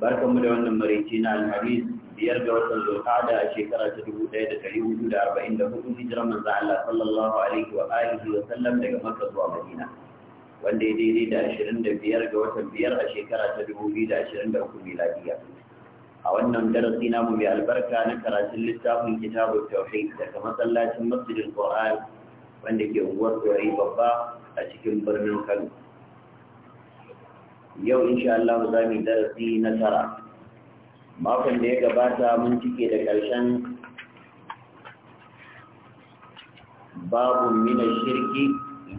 barkanmu da wannan maraice na alhamis biyar ga watan zulhada a shekara ta dubu ɗaya da ɗari hudu da arba'in da hudu hijirar manzo Allah sallallahu alaihi wa alihi wa sallam daga Makka zuwa Madina wanda ya daidai da ashirin da biyar ga watan biyar a shekara ta dubu biyu da ashirin da uku miladiya a wannan darasi mu mai albarka na karatun littafin kitabun tauhid daga masallacin masjidin Qur'an wanda ke unguwar Tsorai babba a cikin birnin Kano yau insha Allah za mu darasi na tara makon da ya gabata mun cike da ƙarshen babu mina shirki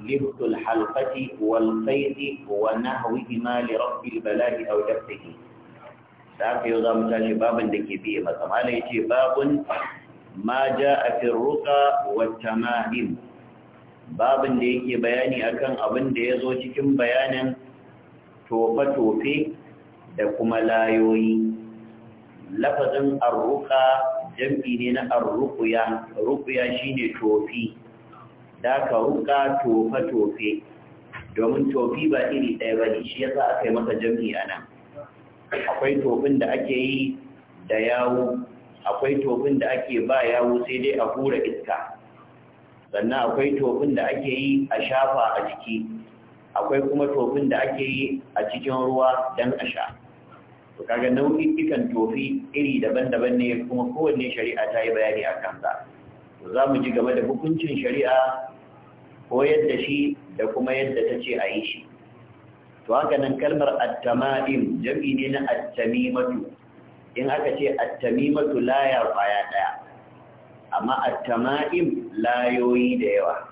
liftul halfati wal qaidi wa ma li rabbil bala'i aw dafihi da yau za mu tashi babin da ke biye masa mala yace babun ma ja'a fi ruqa wa tamahim babin da yake bayani akan abin da ya zo cikin bayanin tofe-tofe da kuma layoyi lafazin arruka jam'i ne na arrukuya shi shine tofi da ka ruka tofe-tofe domin tofi ba iri ɗaya ba ne shi yasa aka yi maka jam'i a nan akwai tofin da ake yi da yawo akwai tofin da ake ba yawo sai dai a hura iska sannan akwai tofin da ake yi a shafa a jiki akwai kuma tofin da ake yi a cikin ruwa don a sha to kaga nau'ikan tofi iri daban-daban ne kuma kowanne shari'a ta yi bayani a kansa to za mu ji game da hukuncin shari'a ko yadda shi da kuma yadda ta ce a yi shi to haka nan kalmar at-tama'im jam'i ne na at-tamimatu in aka ce at-tamimatu laya kwaya daya amma at layoyi da yawa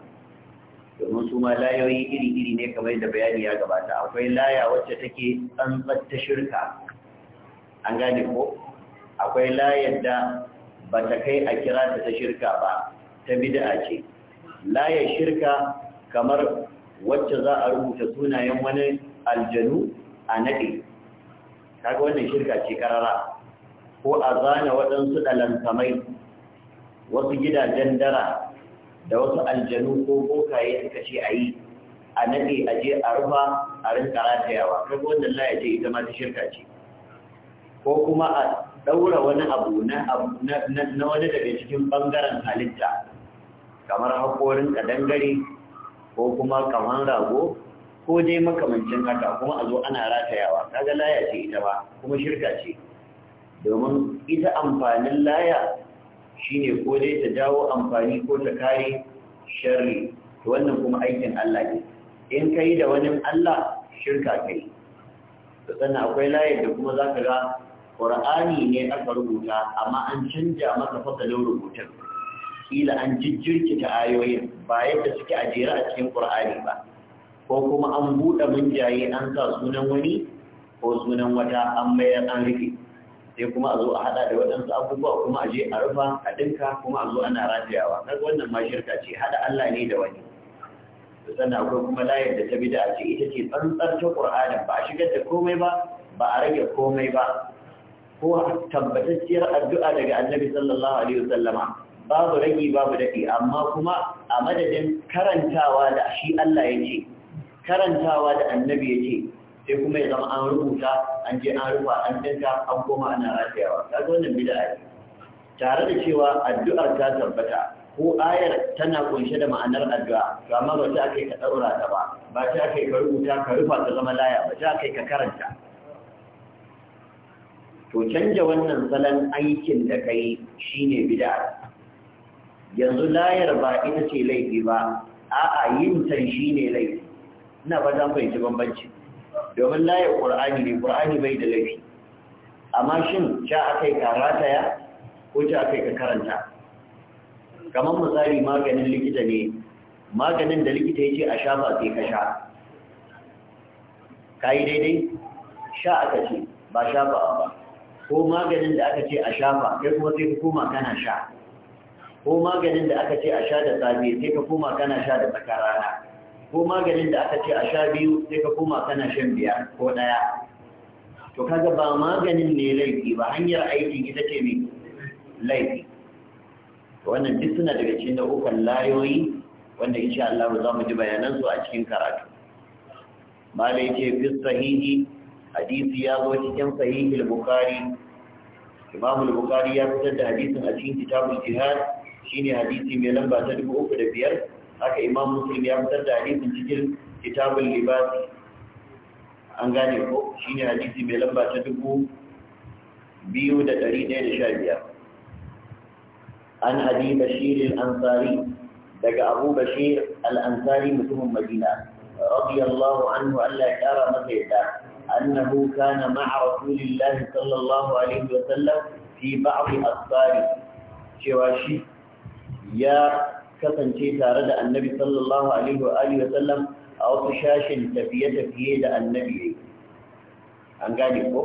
domin su ma layoyi iri-iri ne kamar da bayani ya gabata akwai laya wacce take tsantsar ta shirka an gane ko akwai layar da ba ta kai a kira ta ta shirka ba ta bid'a ce layar shirka kamar wacce za a rubuta sunayen wani aljanu a naɗe kaga wannan shirka ce karara ko a zana waɗansu ɗalantamai wasu gidajen dara da wasu aljanu ko bokaye suka ce a yi a nade a je a rufa a rinka ratayawa kaga wannan la ce ita ma ta shirka ce ko kuma a daura wani abu na wani daga cikin bangaren halitta kamar hakorin kadangare ko kuma kamar rago ko dai makamancin haka kuma a zo ana ratayawa kaga laya ce ita ba kuma shirka ce domin ita amfanin laya Shi ne ko dai ta jawo amfani ko ta kare sharri to wannan kuma aikin Allah ne in ka yi da wani Allah shirka ka yi. sannan akwai layar da kuma za ka ga Ƙur'ani ne aka rubuta amma an canja masa fasalin rubutun kila an ta ayoyin ba yadda suke a a cikin Ƙur'ani ba ko kuma an buɗe munjaye an sa sunan wani ko sunan wata an mayar an rufe sai kuma a zo a hada da waɗansu abubuwa kuma a je a rufa a dinka kuma a zo ana rajayawa kaga wannan ma shirka ce hada Allah ne da wani sannan akwai kuma layar da ta bida ce ita ce tsantsar ta Qur'anin ba a shigar da komai ba ba a rage komai ba ko tabbatacciyar addu'a daga Annabi sallallahu alaihi wasallama babu ragi babu daɗi amma kuma a madadin karantawa da shi Allah ya ce karantawa da annabi ya ce sai kuma ya zama an rubuta an je an rufa an tanka an koma ana rafiyawa zo wannan bid'a ne tare da cewa addu'ar ta tabbata ko ayar tana kunshe da ma'anar addu'a to amma ba ta kai ka daura ta ba ba ta kai ka rubuta ka rufa ta zama laya ba ta kai ka karanta to canja wannan salon aikin da kai shine bid'a yanzu layar ba ita ce laifi ba a'a yin tan shine laifi ina ba zan fahimci bambanci domin layar ƙur'ani ne ƙur'ani bai da laifi amma shin sha aka yi karata ya ko sha aka yi ka karanta kamar misali maganin likita ne maganin da likita ya ce a sha ba sai ka sha ka yi daidai sha aka ce ba sha ba ba ko maganin da aka ce a sha ba kai kuma sai ka koma kana sha ko maganin da aka ce a sha da safe sai ka koma kana sha da tsakar rana ko maganin da aka ce a sha biyu sai ka koma kana shan biya ko ɗaya to kaga ba maganin ne laifi ba hanyar aikin ita ce mai laifi wannan duk suna daga cikin nau'ukan layoyi wanda insha Allah za mu ji bayanan su a cikin karatu mala yace fi sahihi hadisi ya zo cikin sahihi al-bukhari imam al-bukhari ya fitar da hadisin a cikin kitabul jihad shine hadisi mai lamba ta biyar? haka imam muslim ya fitar da hadisin cikin kitabul libas an gane ko shine hadisi mai lamba ta dubu biyu da ɗari ɗaya da sha biyar an abi bashir al-ansari daga abu bashir al-ansari mutumin madina radiyallahu anhu Allah ya kara masa yadda annahu kana ma'a rasulillahi sallallahu alaihi wa sallam fi ba'd asfari cewa shi ya kasance tare da annabi sallallahu alaihi wa alihi wasallam a wasu shashin tafiye-tafiye da annabi yayi an gane ko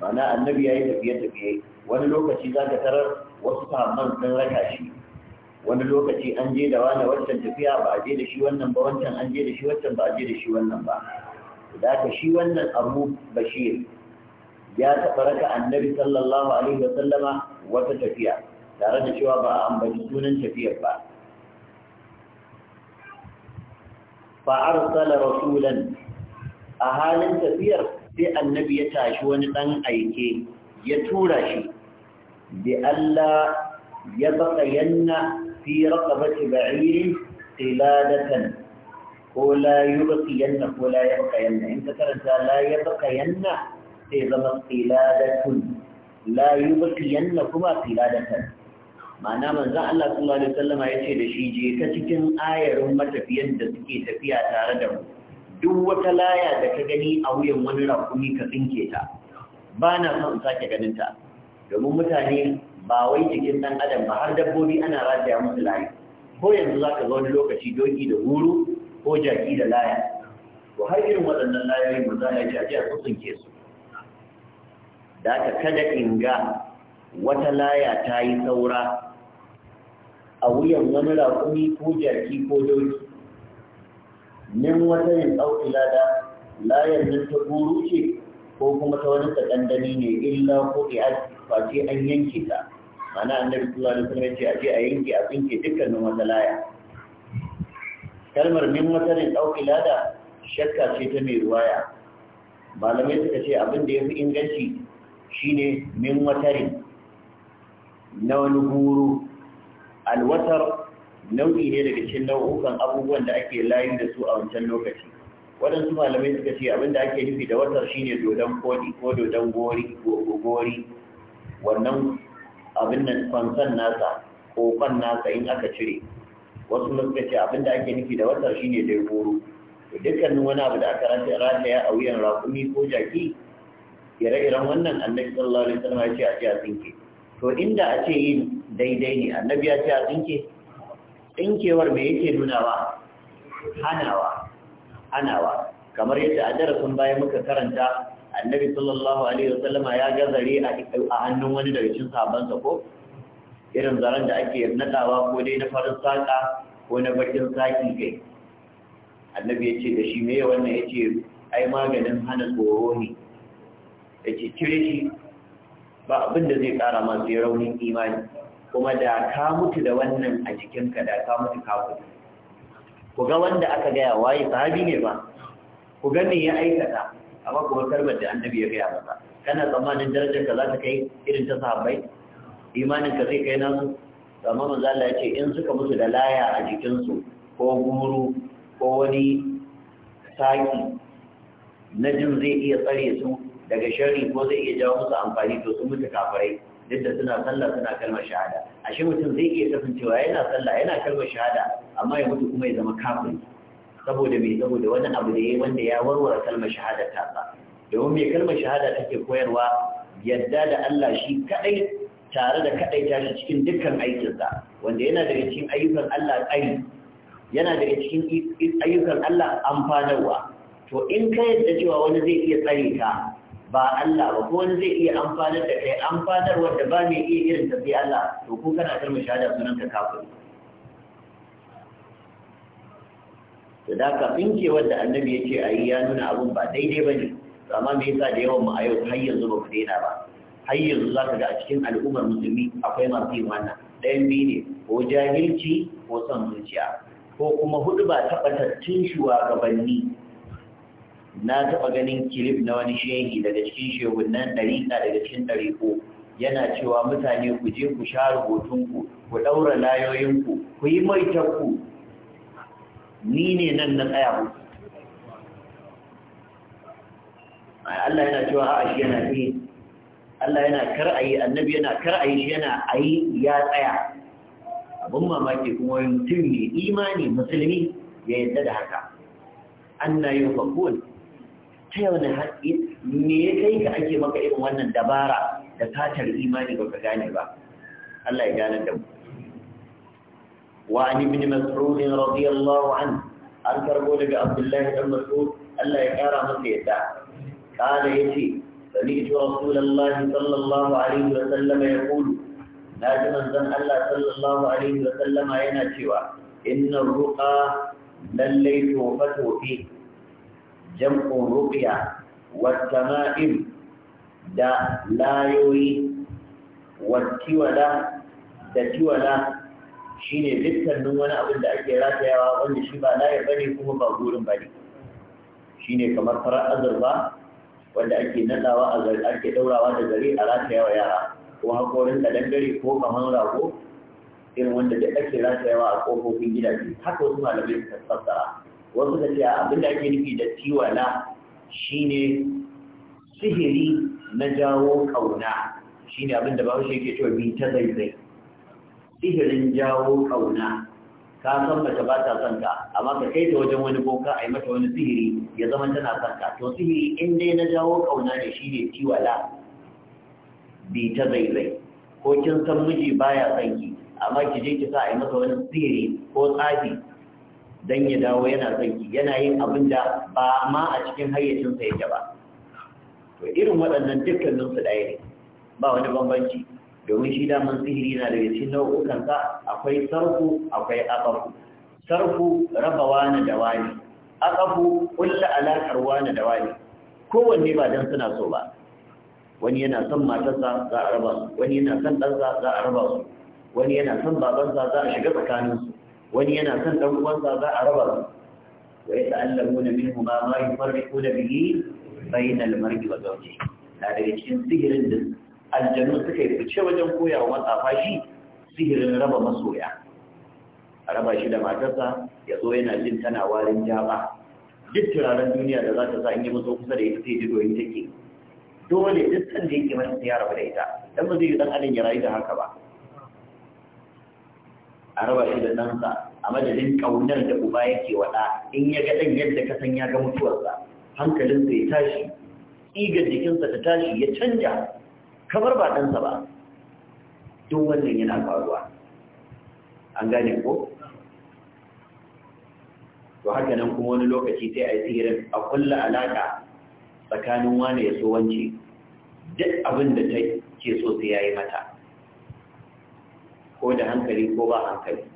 mana annabi yayi tafiye-tafiye wani lokaci za ka tarar wasu sahabban sun raka shi wani lokaci an je da wani wancan tafiya ba a je da shi wannan ba wancan an je da shi wancan ba a je da shi wannan ba da ka shi wannan abu bashir ya taɓa raka annabi sallallahu alaihi wa sallama wata tafiya tare da cewa ba a ambaci sunan tafiyar ba fa'arsala rasulan a halin tafiyar sai annabi ya tashi wani ɗan aike ya tura shi bi Allah ya baka yanna fi raqabati ba'irin qiladatan ko la yubqi yanna ko la yabqa yanna in ka karanta la yabqa yanna sai zama qiladatun la yubqi yanna kuma qiladatan ma'ana manzon Allah sallallahu alaihi wasallam ya ce da shi je ka cikin ayarin matafiyar da suke tafiya tare da mu duk wata laya da ka gani a wuyan wani rakumi ka tsinke ta ba na son in sake ganin ta domin mutane ba wai jikin ɗan adam ba har dabbobi ana rataya musu layi ko yanzu za ka ga wani lokaci doki da huru ko jaki da laya to har irin waɗannan layoyi mu za a jaji a tsinke su da aka kada in ga wata laya ta yi saura a wuyan wani raƙumi ko jaki ko doki min wata yin lada layar nan ta guru ce ko kuma ta wani sakandani ne illa ko a face an yanke ta mana annabi sallallahu alaihi wasallam ce a a yanke a binke dukkanin wata laya kalmar min wata yin lada shakka ce ta mai ruwaya malamai suka ce abin da ya fi inganci shine min watarin na wani guru alwatar nau'i ne daga cikin nau'ukan abubuwan da ake layu da su a wancan lokaci waɗansu malamai suka ce abin da ake nufi da watar shine dodon koɗi ko dodon gori gori wannan abin nan fansan nasa kofan nasa in aka cire wasu suka ce da ake nufi da watar shine dai goro dukkanin wani abu da aka rataya a wuyan raƙumi ko jaki ire-iren wannan annabi sallallahu alaihi wasallam ya ce a ce a tsinke to inda a ce yin daidai ne annabi ya ce a tsinke tsinkewar me yake nunawa hanawa hanawa kamar yadda a darasin bayan muka karanta annabi sallallahu alaihi wasallama ya gazare a hannun wani daga cikin sabon ko irin zaren da ake nadawa ko dai na farin saka ko na bakin saki kai annabi ya ce da shi me wannan ya ce ai maganin hana tsoro ne ya ce cire shi ba abin da zai ƙara ma sai raunin imani kuma da ka mutu da wannan a jikinka da ka mutu kafin ku ga wanda aka gaya waye sahabi ne ba ku ga me ya aikata amma kuma karbar da annabi ya gaya masa kana tsammanin darajar ka za ta kai irin ta sahabbai imanin ka zai kai nasu amma manzo Allah ya ce in suka mutu da laya a jikinsu ko guru ko wani saki na jin zai iya tsare su daga sharri ko zai iya jawo musu amfani to sun mutu kafirai duk da suna sallah suna kalmar shahada ashe mutum zai iya kasancewa yana sallah yana kalmar shahada amma ya mutu kuma ya zama kafiri saboda me saboda wani abu da yayi wanda ya warware kalmar shahada ta ba domin mai kalmar shahada take koyarwa yadda da Allah shi kadai tare da kadai tashi cikin dukkan aikinsa wanda yana daga cikin ayyukan Allah kai yana daga cikin ayyukan Allah amfanarwa to in ka yadda cewa wani zai iya tsare ka ba Allah ba ko wani zai iya amfanar da kai amfanar wanda ba mai iya irin tafi Allah to ko kana kalmar shahada sunan ka kafiri to da ka finke wanda annabi ya ce ayi ya nuna abun ba daidai bane to amma me yasa da yawan mu a yau har yanzu ba ku daina ba har yanzu za ka ga a cikin al'ummar musulmi akwai masu yin wannan ɗayan biyu ne ko jahilci ko son zuciya ko kuma hudu ba tabbatattun shugabanni na taɓa ganin kilif na wani shehi daga cikin shehunan ɗariƙa daga cikin ɗariƙo yana cewa mutane ku je ku sha rubutunku ku ɗaura layoyinku ku yi maitarku ni ne nan na tsaya ku Allah yana cewa a'a shi yana yi Allah yana kar a yi annabi yana kar a yi shi yana a yi ya tsaya abin mamaki kuma yin mutum ne imani musulmi ya yadda da haka an na yi fakon ta yau haƙƙi me ya kai ka ake maka irin wannan dabara da fatar imani ba ka gane ba Allah ya gane da mu wa an ibn mas'ud radiyallahu anhu an karbo daga Abdullahi dan Mas'ud Allah ya kara masa yadda قال يتي سمعت رسول الله صلى الله عليه وسلم يقول لازما Allah, sallallahu alaihi wa sallama, yana cewa إن الرقى lallai توفته فيه jam'un ruqya والتمائم da layoyi wattiwala da tiwala shine dukkanin wani abin da ake ratayawa wanda shi ba laye bane kuma ba gurin bane shine kamar farar azurba wanda ake nadawa a gari ake daurawa da gari a ratayawa yara ko hakorin da dangare ko kamar rago irin wanda da ake ratayawa a kofofin gidaje haka wasu malamai suka fassara wasu da ce abin da ake nufi da tiwala shine sihiri na jawo kauna shine abin da bahaushe yake cewa bi ta zaizai sihirin jawo kauna ka san mace ba ta son ka amma ka kai ta wajen wani boka a yi mata wani sihiri ya zama tana son ka to sihiri in dai na jawo kauna ne shine tiwala bi ta zaizai ko kin san miji baya son ki amma ki je ki sa a yi masa wani sihiri ko tsafi dan ya dawo yana zaki yana yin abin da ba ma a cikin hayyacinsa yake ba to irin waɗannan dukkaninsu ɗaya ne ba wani bambanci domin shi daman sihiri na daga cikin sa, akwai sarku akwai aqafu sarku rabawa na wani aqafu kulla alaƙar wani dawani kowanne ba dan suna so ba wani yana son matarsa za a raba su wani yana son ɗansa za a raba su wani yana son babansa za a shiga tsakaninsu wani yana son dan uwansa za a raba su wa ya na minhu ma ma da bihi al mar'i wa zawji na daga cikin sihirin da aljanu suka yi fice wajen koyawa matsafa shi sihirin raba masoya a raba shi da matarsa ya zo yana jin tana warin jaba duk turaren duniya da za ta sa in yi kusa da ita sai ji doyin take dole duk san da yake mata ya rabu da ita dan ba zai yi dan alin ya rayu da haka ba a raba shi da ɗansa a madadin ƙaunar da uba yake waɗa in ya ga ɗan yadda ka san ya ga mutuwarsa hankalinsa ya tashi igar jikinsa ta tashi ya canja kamar ba ɗansa ba duk wannan yana faruwa an gane ko to haka nan kuma wani lokaci sai a yi sihirin a kulla alaƙa tsakanin wani ya so wance duk abin da ta ke so sai ya yi mata ko da hankali ko ba hankali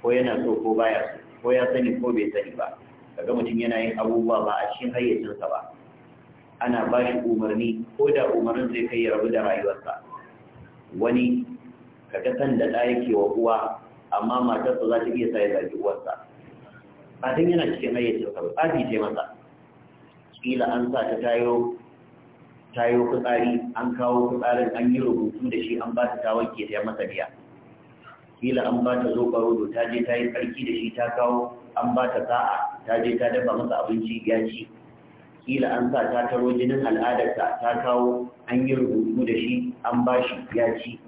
ko yana so ko baya so ko ya sani ko bai sani ba kaga mutum yana yin abubuwa ba a cikin hayyacinsa ba ana ba shi umarni ko da umarnin zai kai ya rabu da rayuwarsa wani kaga san da ɗa yake wa uwa amma matarsa za ta iya sa ya zagi uwarsa ba yana cikin hayyacinsa ba tsafi ce masa kila an sa ta tayo tayo fitsari an kawo fitsarin an yi rubutu da shi an ba ta ta wanke ta masa biya kila an ba ta zoɓa rodo ta je ta yi tsarki da shi ta kawo an ba ta sa'a ta je ta dafa masa abinci ya ci kila an sa ta taro jinin al'adarta ta kawo an yi rubutu da shi an ba shi ya ci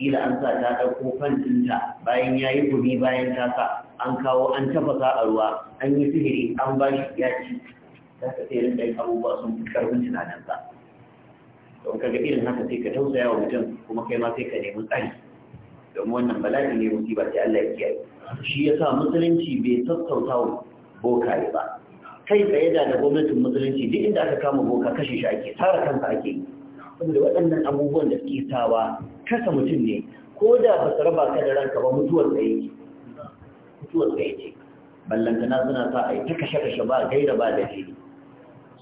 kila an sa ta ɗauko fantinta bayan ya yi gumi bayan ta sa an kawo an tafasa a ruwa an yi sihiri an ba shi ya ci za ka sai rinka yin abubuwa sun fi ƙarfin tunaninsa don kaga irin haka sai ka tausaya wa mutum kuma kai ma sai ka nemi tsari don wannan bala'i ne musiba sai Allah ya kiyaye shi yasa musulunci bai sassauta wa ne ba kai tsaye da gwamnatin musulunci duk inda aka kama boka kashe shi ake tara kansa ake yi saboda waɗannan abubuwan da suke sawa kasa mutum ne ko da ba su raba ka da ranka ba mutuwar tsaye ce mutuwar tsaye ce ballantana suna sa a yi ta kashe-kashe ba gaira ba da fili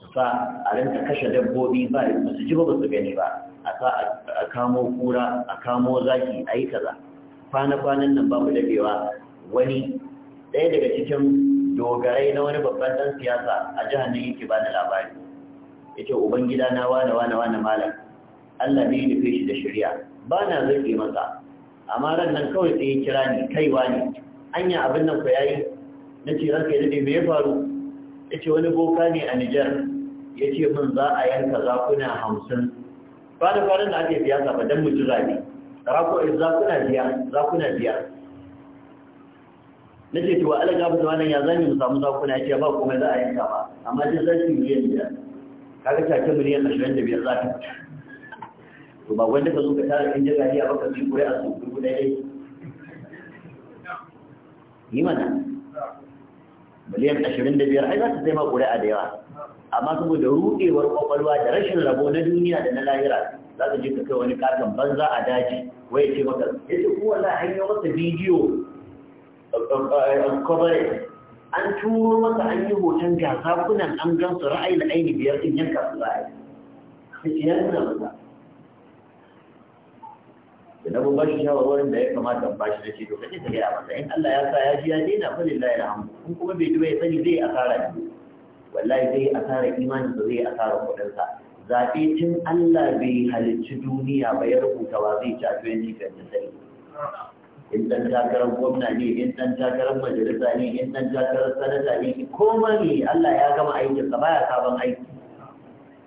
su sa a ranta kashe dabbobi ba su ji ba ba su gani ba a kamo kura a kamo zaki a yi kaza kwana-kwanan nan babu dadewa wani ɗaya daga cikin dogarai na wani babban ɗan siyasa a jihar nan yake ba da labari ya ce ubangida na wane wane wane malam allah ne nufe shi da shirya ba na zai masa amma ran nan kawai sai ya kira ni kaiwa ne anya abin nan ku yayi na ce ranka ya dade me ya faru ya ce wani boka ne a nijar ya ce min za a yanka zakuna hamsin kwanan kwanan da ake biya zaba don mutu rabi rako eh, za kuna biya za kuna biya na ce cewa alaga bu zama ya zami mu samu za kuna ce ba kuma za a yanka ba amma ce za su miliyan biyar kaga take miliyan ashirin da biyar za ta to ba wanda ka zo ka tara in jira ya baka bi koyi a su dubu ɗaya yi mana miliyan ashirin da biyar ai za ta ma ƙuri'a da yawa amma kuma da rudewar kwakwalwa da rashin rabo na duniya da na lahira za ka ji ka kai wani katon banza a daji wai ce maka ya ce wallahi za a yi masa bidiyo eh, coverage an turo masa an yi hoton gasa kunan an gansu ra'ayi da aini biyar din yanka su ra'ayi ta ce ya nuna maka da na ba shi shawarwarin da ya kamata ba shi da ce to kaje ka gaya masa in Allah ya sa ya ji ya daina fa lillahi alhamdu in kuma bai ji ya sani zai asara ne wallahi zai asara imani ba zai asara kudinsa? zaɓe tun Allah bai halicci duniya ba ya rubuta ba zai ci a 2023 in ɗan takarar gwamna ne in ɗan takarar majalisa ne in ɗan takarar sanata ne koma ne Allah ya gama aikinsa baya sabon aiki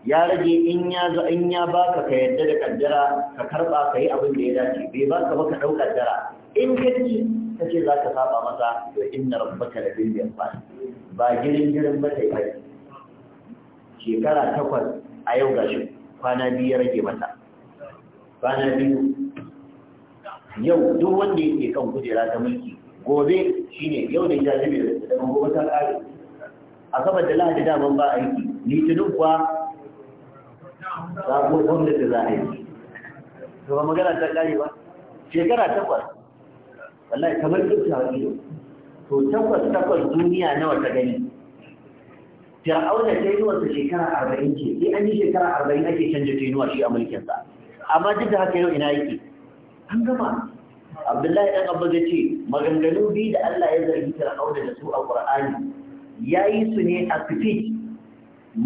ya rage in ya zo in ya baka ka yadda da kaddara ka karba ka yi abin da ya dace bai baka ba ka dau kaddara in ka ci ka za ka saba masa to inna rabbaka bil yasan ba girin girin ba yi fari shekara takwas a yau shi kwana biyu ya rage mata kwana biyu yau duk wanda yake kan kujera ta mulki gobe shine yau da ya zabe da gobe ta kare a saboda da lahadi daman ba aiki litinin kuwa sabon gwamnati za a yi to ba magana ta kare ba shekara takwas wallahi kamar duk ta to takwas takwas duniya nawa ta gani fir'auna ta yi shekara arba'in ce sai an yi shekara arba'in ake canja ta shi a mulkinsa amma duk da haka yau ina yake an gama abdullahi dan abba zai ce maganganu biyu da allah ya zargi fir'auna da su a qur'ani ya yi su ne a fiti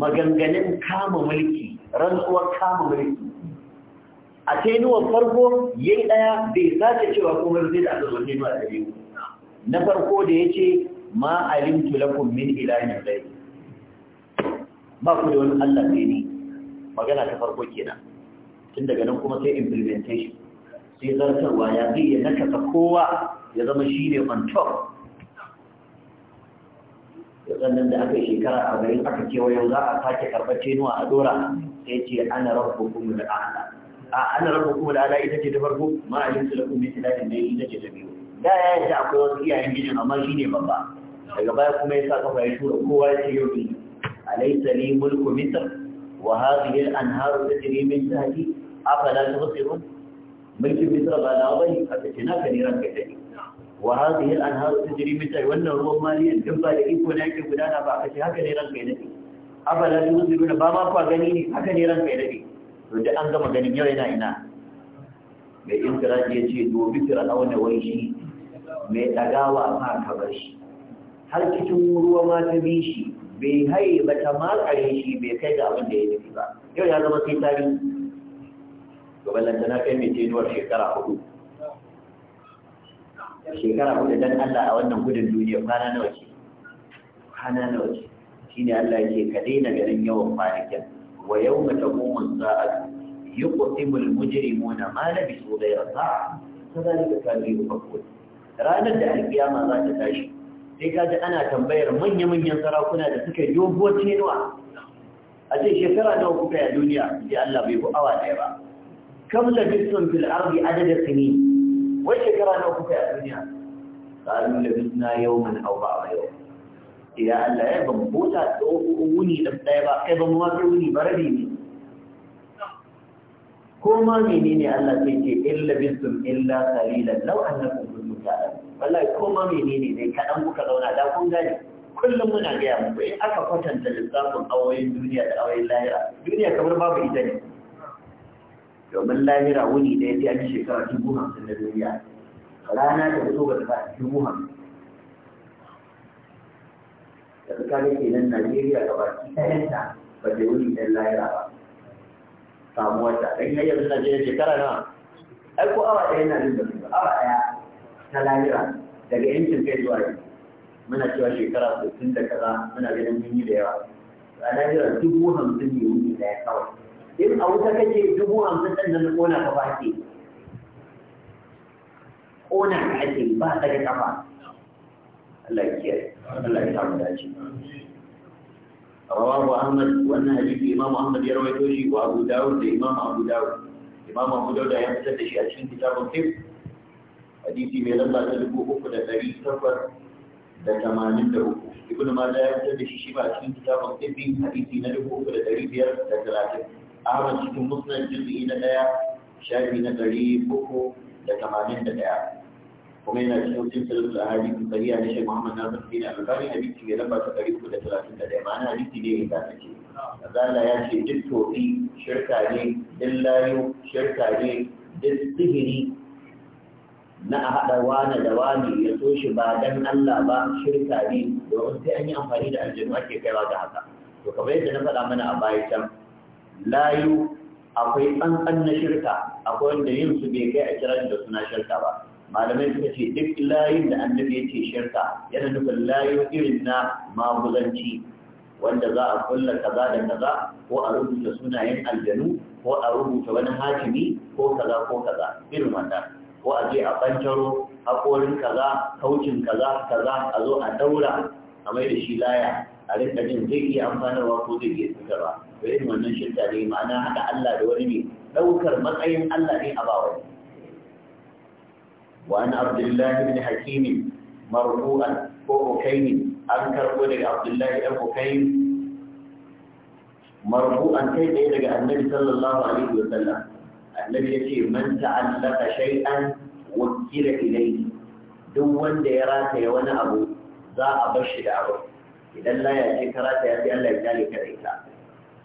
maganganun kama mulki rantsuwar kama mulki a tenuwar farko yayi ɗaya bai sace cewa komai zai da aka zo da biyu na farko da yace ma alimtu lakum min ilahin ghayri ba ku da wani Allah ne ni magana ta farko kenan tun daga nan kuma sai implementation sai zartarwa ya zai ya ta kowa ya zama shine on top sannan da aka yi shekara a garin aka yau za a sake karɓar tenuwa a dora sai ce ana rabu kuma da ala a ana rabu kuma da ala ita ce ta farko ma'ajin su yin sulaku ita ce ta biyu da ya shi akwai wasu iyayen gidan amma shi ne babba daga baya kuma ya sa kafa ya tura kowa ya ce yau ne alaisa ni mulku misr wa hadhihi al-anharu tajri min tahti afala tubsirun mulkin misr ba na bane aka ce naka ne ranka dai wa hadhihi al-anharu tajri min tahti wannan ruwan maliyan din ba da iko na yake gudana ba aka ce haka ne ranka dai afala tubsirun ba ma kwa gani ne haka ne ranka dai to da an gama ganin yau yana ina mai inkiraji ya ce dobi fir'auna wai shi mai ɗagawa ma ka bar shi har cikin ruwa ma ta bi shi bai haye ba ta makare shi bai kai ga abin da ya nufi ba yau ya zama sai tari gabalanta na kai mai tenuwar shekara hudu shekara hudu dan Allah a wannan gudun duniya kwana nawa ce kwana nawa ce shine Allah yake ka daina ganin yawan kwanakin wa yau yawma taqumu as-sa'atu yuqsimu al-mujrimuna ma ta ghayra sa'a kadhalika ba yufakun ranar da alkiyama za ta tashi sai kaji ana tambayar manya-manyan sarakuna da suka yi doguwar tenuwa a ce shekara nawa kuka yi a duniya da Allah bai ku awa ɗaya ba kam labistun fil ardi adada sini wai shekara nawa kuka yi a duniya qalu labisna yawman aw ba'a yau. ya Allah ya ban bota wuni da ɗaya ba kai ban ma kai wuni ba rabi ne ko ma menene Allah sai ce illa bisum illa qalilan law annakum wallahi ko ma menene ne kaɗan kuka zauna da kun gane kullum muna gaya muku in aka kwatanta lissafin awoyin duniya da awoyin lahira duniya kamar babu ita ne domin lahira wuni ɗaya sai an shekara dubu hamsin na duniya rana da fito ga ta dubu hamsin da suka ne ke nan najeriya ga baki ɗayanta ba da wuni ɗan lahira ba samuwar ta ɗan yayyar najeriya shekara nawa aiko awa ɗaya na jin da awa ɗaya ta lahira daga yancin kai zuwa yanzu muna cewa shekara sittin da kaza muna ganin mun yi da yawa a lahira dubu hamsin ne wuni daya kawai in a wuta kake dubu hamsin ɗin nan ƙona ka ba ke ƙona ka ake ba ta da kafa Allah ya kiyaye Allah ya samu dace رواه أحمد وأن حديث إمام أحمد يروي توشي وأبو داود إمام أبو داود إمام أبو داود يمسد شيئا كتاب الفقه hadisi mai lamba ta dubu uku da ɗari takwas da tamanin da uku ibn maja ya fitar da shi shi ba cikin kitabun tibbi hadisi na dubu uku da ɗari biyar da talatin ahmad cikin musnad jirgi na ɗaya shafi na ɗari uku da tamanin da ɗaya kuma yana cikin salatu da hadisi sahiha na shaikh muhammad na bin al-albani hadisi mai lamba ta ɗari uku da talatin da ɗaya ma'ana hadisi ne mai ce azala ya ce duk tofi shirka ne dillayo shirka ne duk sihiri na a haɗa wani da wani ya so shi ba dan Allah ba shirka ne domin sai an yi amfani da aljanu ake kaiwa ga haka to kamar yadda na faɗa mana a baya can layu akwai tsantsan na shirka akwai wanda yin su bai kai a kiran da suna shirka ba malamai suka ce duk layin da annabi ya ce shirka yana nufin layu irin na maguzanci wanda za a kulla kaza da kaza ko a rubuta sunayen aljanu ko a rubuta wani hakimi ko kaza ko kaza irin wannan ko a je a ɓantaro haƙorin kaza kaucin kaza kaza a zo a daura a mai da shi laya a rinka jin zai iya amfanarwa ko zai iya cutarwa to irin wannan shirka ne ma'ana haɗa Allah da wani ne ɗaukar matsayin Allah ne a ba wani wa an abdullahi bin hakimin marfu'an ko hukaini an karɓo daga abdullahi ɗan hukaini marfu'an kai tsaye daga annabi sallallahu alaihi wa sallam annabi yace man ta'allaka shay'an wakila ilayhi duk wanda ya rataya wani abu za a bar shi da abu idan laya ce karata ya fi Allah ya kyale ka da ita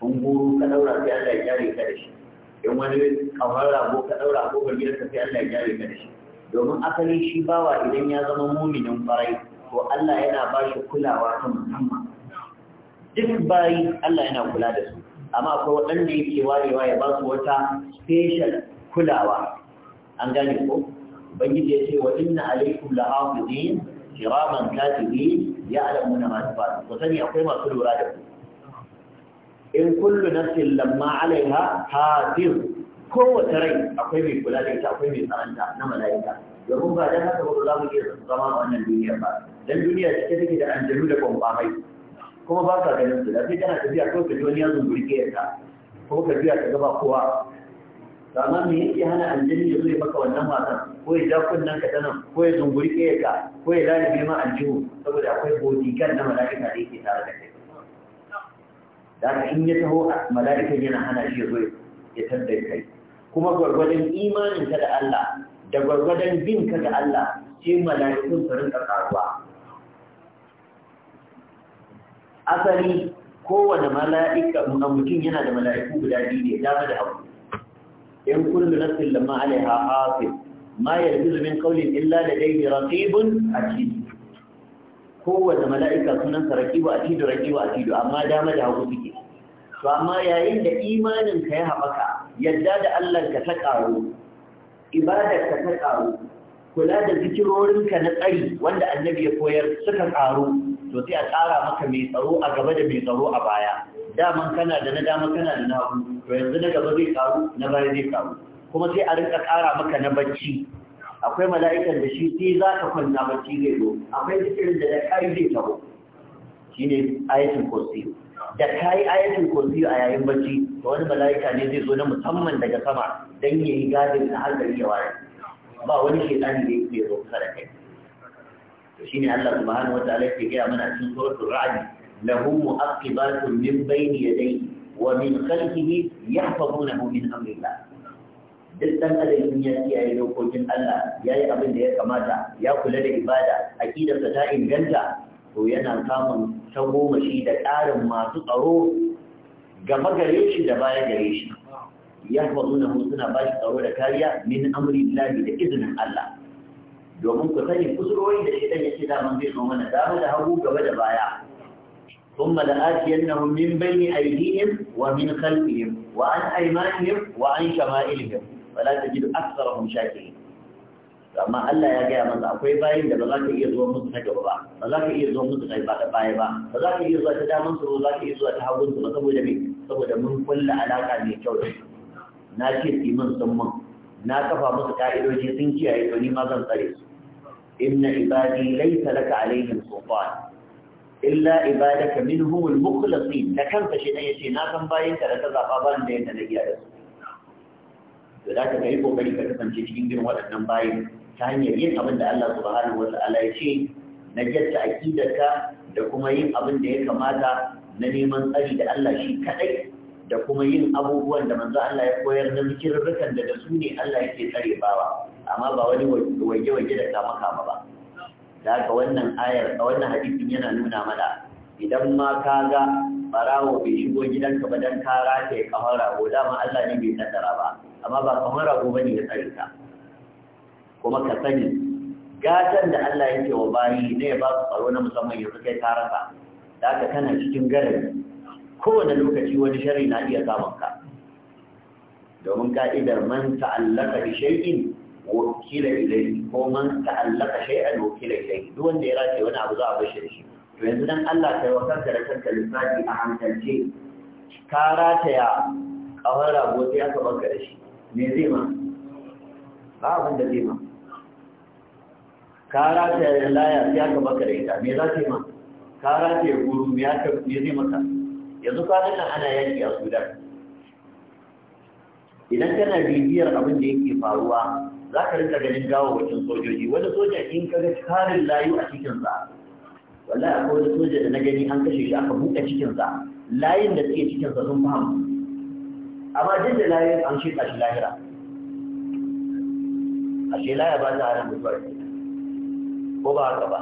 in guru ka daura fi Allah ya kyale ka da shi in wani kawar rago ka daura ko ga ka fi Allah ya kyale ka da shi domin asali shi bawa idan ya zama muminin farai to Allah yana ba shi kulawa ta musamman duk bayi Allah yana kula da su amma akwai waɗanda yake warewa ya ba su wata special kulawa an gane ko ubangiji ya ce wa inna alaikum la hafizin kiraman katibi ya alamu na masu ba ku sani akwai masu lura da ku in kullu nafsin lamma alaiha hafiz wata rai akwai mai kula da ita akwai mai tsaranta na mala'ika domin ba dan haka ba za mu iya zama a wannan duniya ba dan duniya cike take da anjanu da bambamai kuma ba ka ganin su da kana tafiya ko ka ji wani yanzu guri ke ka ko ka biya ka gaba kowa amma me yake hana aljani ya zo ya maka wannan wasan ko ya ja kunnen ka tanan ko ya zunguri ke ka ko ya lalabe bima aljihu saboda akwai kan na mala'ika da yake tare da kai da haka in ya taho mala'ika yana hana shi ya zo ya tadda kai kuma gwargwadon imanin ka da Allah da gwargwadon bin ka da Allah sai mala'ikun su rinka karuwa asali kowane mala'ika na mutum yana da mala'iku guda biyu ne dama da hagu in kullu nafsin lamma alaiha hafiz ma yalbizu min qawlin illa da ladayhi raqibun atid kowane mala'ika sunan sa raqibu atid raqibu atid amma dama da hagu suke to amma yayin da imanin ka ya haɓaka yadda da Allah ka ta ƙaru ibadar ka ta ƙaru kula da zikirorinka na tsari wanda annabi ya koyar suka ƙaru to sai a tsara maka mai tsaro a gaba da mai tsaro a baya daman kana da na dama kana da na to yanzu na gaba zai karu na baya zai karu kuma sai a rinka ƙara maka na bacci akwai mala'ikan da shi sai za ka kwanta bacci zai zo akwai zikirin da da kai zai taho shi ne ayatul kursi da kai ayatul kursi a yayin bacci to wani mala'ika ne zai zo na musamman daga sama dan yayi gadin na har gari ya ba wani shi dan da yake zo kare kai to shine Allah subhanahu wataala yake gaya mana cikin suratul ra'd lahu mu'aqibatun min bayni yadayhi wa min khalfihi yahfazunahu min amrillah duk dan adam ya kiyaye dokokin Allah yayi abin da ya kamata ya kula da ibada aqidarsa ta inganta to yana samun tagomashi da ƙarin masu tsaro gaba gare shi da baya gare shi ya faɗo suna ba shi tsaro da kariya min amri da iznin Allah domin ku sani kusurorin da shaitan yake da mun zai zo mana dama da hagu gaba da baya da na min wa ثم لآتينهم من بين أيديهم ومن خلفهم وعن أيمانهم وعن شمائلهم ولا تجد أكثرهم شاكرين amma Allah ya gaya masa akwai bayin da ba za ka iya zuwa musu na gaba ba ba za ka iya zuwa musu na baya ba ba za ka iya zuwa ta daman su ba za ka iya zuwa ta hagun su ba saboda me saboda mun kulla alaƙa mai kyau da na ce su mun sun mun na kafa musu ka'idoji sun kiyaye to ni ma zan tsare su inna ibadi laysa laka alaihim sultan illa ibadaka minhum al-mukhlasin da kanka shi ne yace na san bayin ka da ka da yadda nake da su to da ka yi kokari ka kasance cikin girin waɗannan bayin ta hanyar yin abin da Allah subhanahu wata'ala ya ce na jatta aqidarka da kuma yin abin da ya kamata na neman tsari da Allah shi kadai da kuma yin abubuwan da manzo Allah ya koyar na zikirrukan da da su ne Allah yake tsare bawa amma ba wani wage-wage da ta maka ba da haka wannan ayar a wannan hadisin yana nuna mana idan ma ka ga barawo bai shigo gidanka ba dan ka ya kamar rago dama Allah ne bai kaddara ba amma ba kamar rago bane ya tsare ka kuma ka sani gatan da Allah yake wa bayi ne ba su tsaro na musamman yanzu kai ka rasa da haka kana cikin garin kowane lokaci wani shari na iya samun ka domin ka'idar man ta'allaka bi shay'in wakila ilai ko man ta'allaka shay'an wakila ilai duk wanda ya race wani abu za a bashi da shi to yanzu dan Allah kai wa kanka da kanka lissafi a hankalce ka ya kawar rago sai aka banka da shi me zai ma ba abin da zai ma ka ya laya sai aka banka da ita me za ta ma ka rataya guru me aka me zai maka yanzu kwanan nan ana yaki a Sudan idan kana bibiyar abin da yake faruwa za ka rinka ganin gawo gawawacin sojoji wani soja in ka ga tarin layu a cikinsa wallahi akwai wani soja da na gani an kashe shi aka buɗe cikinsa layin da suke cikinsa sun fahimu amma duk da layin an shi shi lahira ashe laya ba ta hana mutuwa ce ko ba haka ba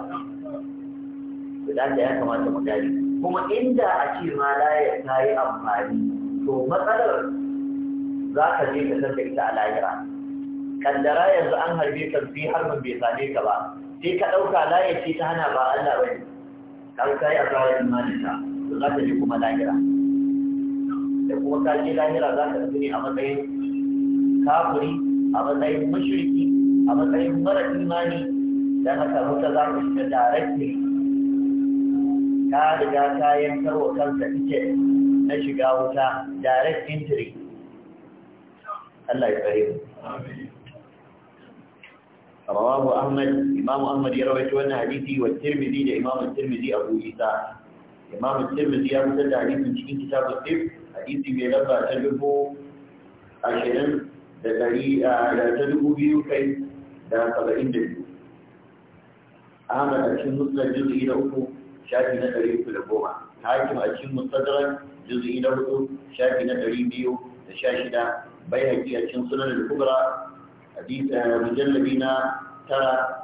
da ya kamata mu gani kuma inda a ce ma laya ta yi amfani to matsalar za ka je ka san da ita a lahira kandara yanzu an harbe ka har harbin bai same ka ba sai ka ɗauka layi ce ta hana ba Allah bai ne kan kai a kawai imaninka to za ka ji kuma lahira da kuma ka ji lahira za ka tafi ne a matsayin kafuri a matsayin mushriki a matsayin mara imani na haka ta za ka shiga direct. ka riga kayan yankar wa kanka ticket na shiga wuta direct entry Allah ya tsare mu amin رواه أحمد إمام أحمد يروي شوانا حديثي والترمذي لإمام الترمذي أبو إيسا إمام الترمذي يروي شوانا حديث من شكين كتاب الطب حديثي بيلبى تجربه عشرين آه، تجربه بيو كي دا سبعين دجو أحمد أشين مصر جزء إلى أفو شاكي نتري في لبوما حاكم أشين مصدر جزء إلى أفو شاكي نتري بيو شاشدا بيهكي أشين صنع الكبرى hadisi mujallabina tara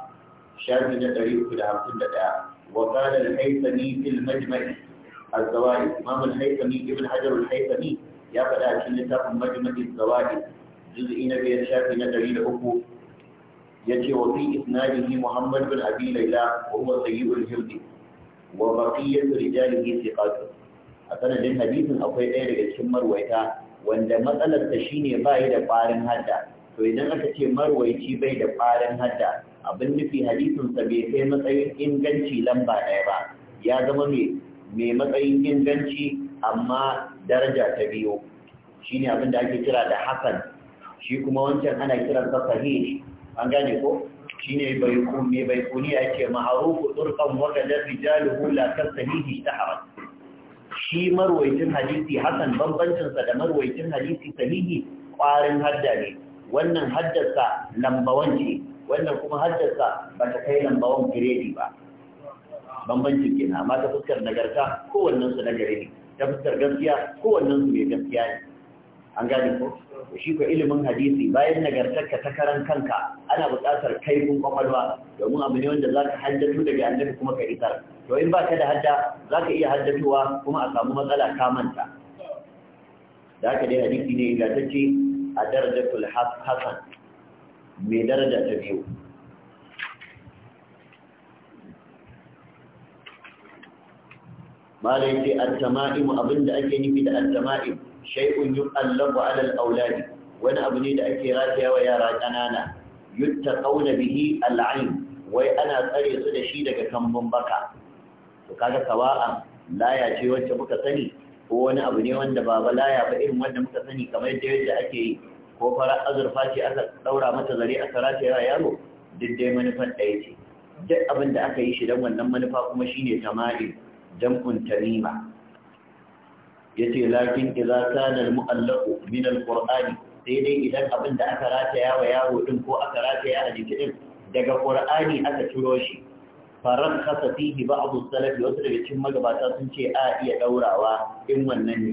shafi na ɗari uku da hamsin da ɗaya wa qala al-haythami fil majma' al-zawaid imam al-haythami ibn hajar ya faɗa a cikin littafin majma' al-zawaid juz'i na biyar shafi na ɗari da uku يجي وفي إسناده محمد بن أبي ليلى وهو سيد الجلد وبقية رجاله ثقات أصلا للحديث أقوي غير الشمر ويتا وأن مسألة تشيني بايدة بارن هذا to idan aka ce marwaici bai da ƙwarin hadda abin nufi hadisinsa bai kai matsayin inganci lamba ɗaya ba ya zama mai matsayin inganci amma daraja ta biyu shine abin da ake kira da hasan shi kuma wancan ana kiransa sahih an gane ko shine bai ku ne bai kuni yake ma'rufu turqan wa kadar rijaluhu la ta haram shi marwaitin hadisi hasan bambancinsa da marwaitin hadisi sahihi ƙwarin hadda ne wannan haddasa lambawan ce wannan kuma haddasa ba ta kai lambawan giredi ba bambancin kenan amma ta fuskar nagarta kowannen su nagare ne ta fuskar gaskiya kowannen su mai gaskiya ne an gane ko shi ko ilimin hadisi bayan nagartarka ta karan kanka ana buƙatar kaifin kwakwalwa domin abu ne wanda zaka haddatu daga annabi kuma ka isar to in ba ka da hadda zaka iya haddatuwa kuma a samu matsala ka manta da haka dai hadisi ne ingantacce a darajatul hasan mai daraja ta biyu malai ce al-tama'im abinda ake nufi da al-tama'im shay'un yi 'ala al-awlad wani abu ne da ake rataya wa yara kanana ƙauna bihi al wai ana tsare su da shi daga kambun baka to kaga kawa'a, laya ce wacce muka sani ko wani abu ne wanda ba balaya ba irin wanda muka sani kamar yadda yadda ake yi ko fara azurfa ce aka daura mata zare aka rataya yaro duk dai manufar ɗaya ce duk abin da aka yi shi don wannan manufa kuma shi ne tamari jam'un tamima ya ce lakin iza kanar mu'allaku min alƙur'ani sai dai idan abin da aka rataya wa yaro ɗin ko aka rataya a jiki ɗin daga ƙur'ani aka ciro shi faran kasa fihi ba'du salafi wasu daga cikin magabata sun ce a iya daurawa in wannan ne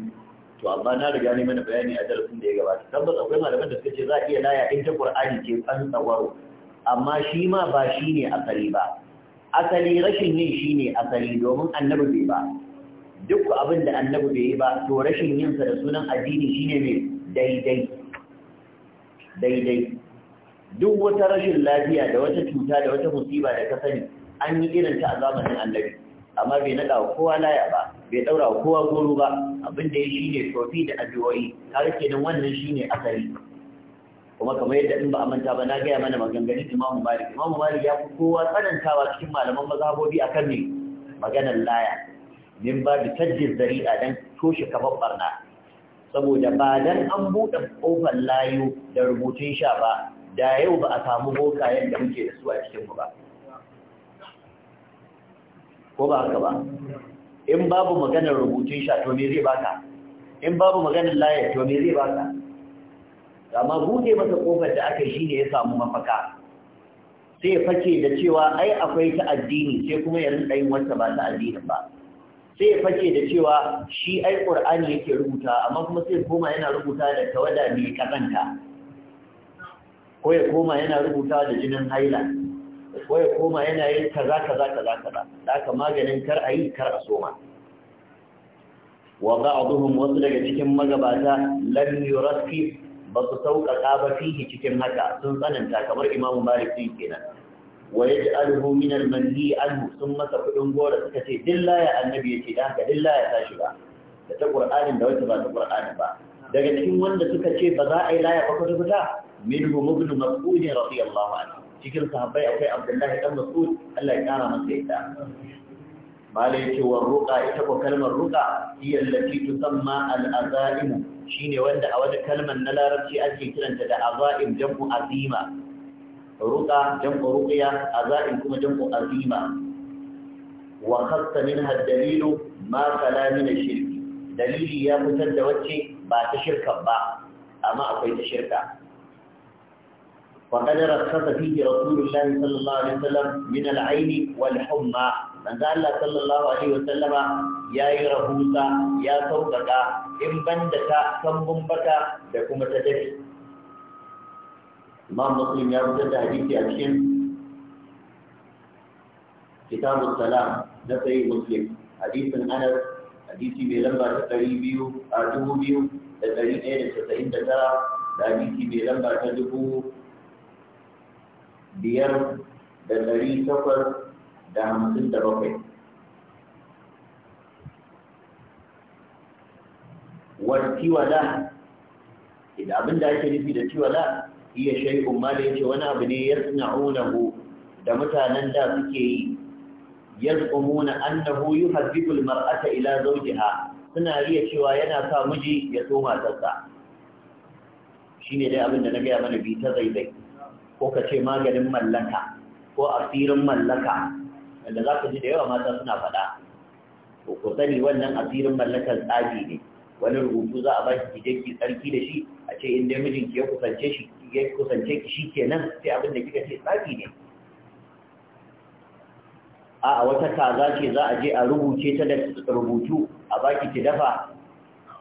to amma na riga ne mana bayani a darasin da ya gabata tabbas akwai malaman da suka ce za a iya laya in ta qur'ani ce an tsawaro amma shi ma ba shine asali ba asali rashin yin shine asali domin annabi bai ba duk abin da annabi bai yi ba to rashin yinsa da sunan addini shine ne daidai daidai duk wata rashin lafiya da wata cuta da wata musiba da ka sani an yi irin ta a zamanin annabi amma bai naɗa kowa laya ba bai ɗaura kowa goro ba abin da ya shi ne tofi da addu'o'i har nan wannan shi ne asali kuma kamar yadda in ba a manta ba na gaya mana maganganun imamu malik imamu malik ya fi kowa tsanantawa cikin malaman mazhabobi akan ne maganar laya min ba da tajjin zari'a don toshe kafar barna saboda ba dan an buɗe ƙofar layu da rubutun sha ba da yau ba a samu boka yadda muke da su a cikinmu ba ko ba haka ba in babu maganar rubutun sha to me zai baka in babu maganar layar to me zai baka amma bude masa kofar da aka shine ya samu mafaka sai ya fake da cewa ai akwai ta addini sai kuma ya dai yin wata ba ta addinin ba sai ya fake da cewa shi ai qur'ani yake rubuta amma kuma sai koma yana rubuta da tawada mai kazanta ko ya koma yana rubuta da jinin highland ko ya koma yana yin kaza kaza kaza kaza da aka maganin kar a yi kar a soma wa ba'dhum wasu daga cikin magabata lam yurafi ba su sauƙaƙa ba fihi cikin haka sun tsananta kamar Imam Malik din kenan wa yaj'aluhu min al-manhi anhu sun masa kudin gora suka ce dillaya annabi yace da haka dillaya ta shiga da ta Qur'anin da wata ba ta Qur'ani ba daga cikin wanda suka ce ba za a yi laya ba kwata-kwata minhum ibn mas'ud radiyallahu anhu cikin sahabbai akwai abdullahi dan mas'ud Allah ya kara masa ita malai ce wa ruqa ita ko kalmar ruqa hiya allati tusamma al shi shine wanda a wata kalmar na larabci ake kiranta da azaim jam'u azima Ruƙa, jam'u ruqiya azaim kuma jam'u azima wa khassa minha ad ma kala min ash dalili ya fitar da wacce ba ta shirka ba amma akwai ta shirka فقد رخص فيه رسول الله صلى الله عليه وسلم من العين والحمى من قال الله صلى الله عليه وسلم يا رهوسا يا سوقك إن بندك كم بك لكم تدري إمام مسلم يا رب حديث أكشن كتاب السلام نسي مسلم حديث أنس حديث بلمبا تقريبيو لتريد أين ستعين تترى حديثي بلمبا تدبو biyar da ɗari takwas da hamsin da bakwai wala idan abin da ake nufi da tiwala iya shay'un ma da yake wani abu ne yasna'unahu da mutanen da suke yi yazqumuna annahu yuhaddibu Mar'ata, ila Zaujiha, suna iya cewa yana sa miji ya so matarsa shine dai abin da na gaya mana bi ta zaizai. ko ka ce maganin mallaka ko asirin mallaka wanda za ka ji da yawa mata suna faɗa Ko ku sani wannan asirin mallakar tsaji ne wani rubutu za a ba ki je ki tsarki da shi a ce inda mijin mijinki ya kusance shi ya kusance ki shi kenan sai abin da kika ce tsafi ne a wata kaza ce za a je a rubuce ta da rubutu a baki ki dafa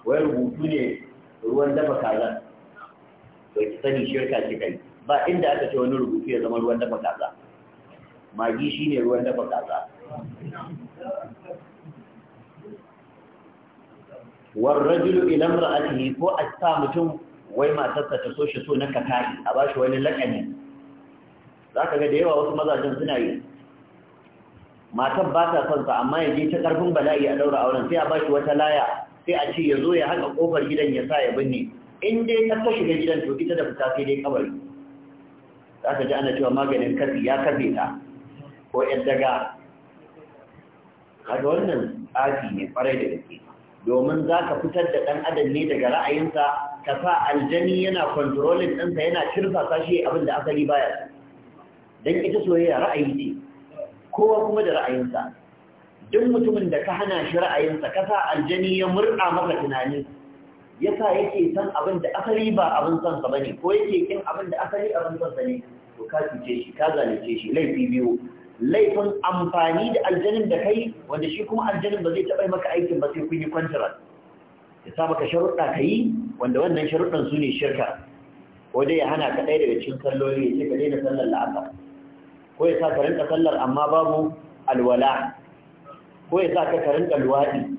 wai rubutu ne ruwan dafa kaza. to ki sani shirka ce kai ba inda aka ce wani rubutu ya zama ruwan dafa kaza magi shine ruwan dafa kaza warrajulu ila imra'atihi ko a sa mutum wai matarsa ta so shi so na katari a ba shi wani lakani zaka ga da yawa wasu mazajen suna yi matan ba ta son sa amma ya je ta karfin bala'i a daura auren sai a ba shi wata laya sai a ce ya zo ya haka kofar gidan ya sa ya binne in dai tafi shiga gidan to ita da fita sai dai kawai za ta ji ana cewa maganin kafi ya kafe ta ko yan daga kaga wannan tsafi ne kwarai da gaske domin za ka fitar da ɗan adam ne daga ra'ayinsa ka sa aljani yana kontrolin ɗansa yana sa shi abin da asali baya don ita soyayya ra'ayi ce kowa kuma da ra'ayinsa duk mutumin da ka hana shi ra'ayinsa ka sa aljani ya murɗa maka tunani Ya sa yake san abin da asali ba abin son ba ne, ko yake kin abin da asali abin son sa ne to ka cuce shi ka zalunce shi laifi biyu laifin amfani da aljanin da kai wanda shi kuma aljanin ba zai taɓa maka aikin ba sai kun yi contract ya sa maka sharuɗa ka yi wanda wannan sharuɗan su ne shirka ko dai ya hana ka ɗaya daga cikin salloli ya ce ka daina sallar la'asar ko ya sa ka rinka sallar amma babu alwala ko ya sa ka ka rinka luwaɗi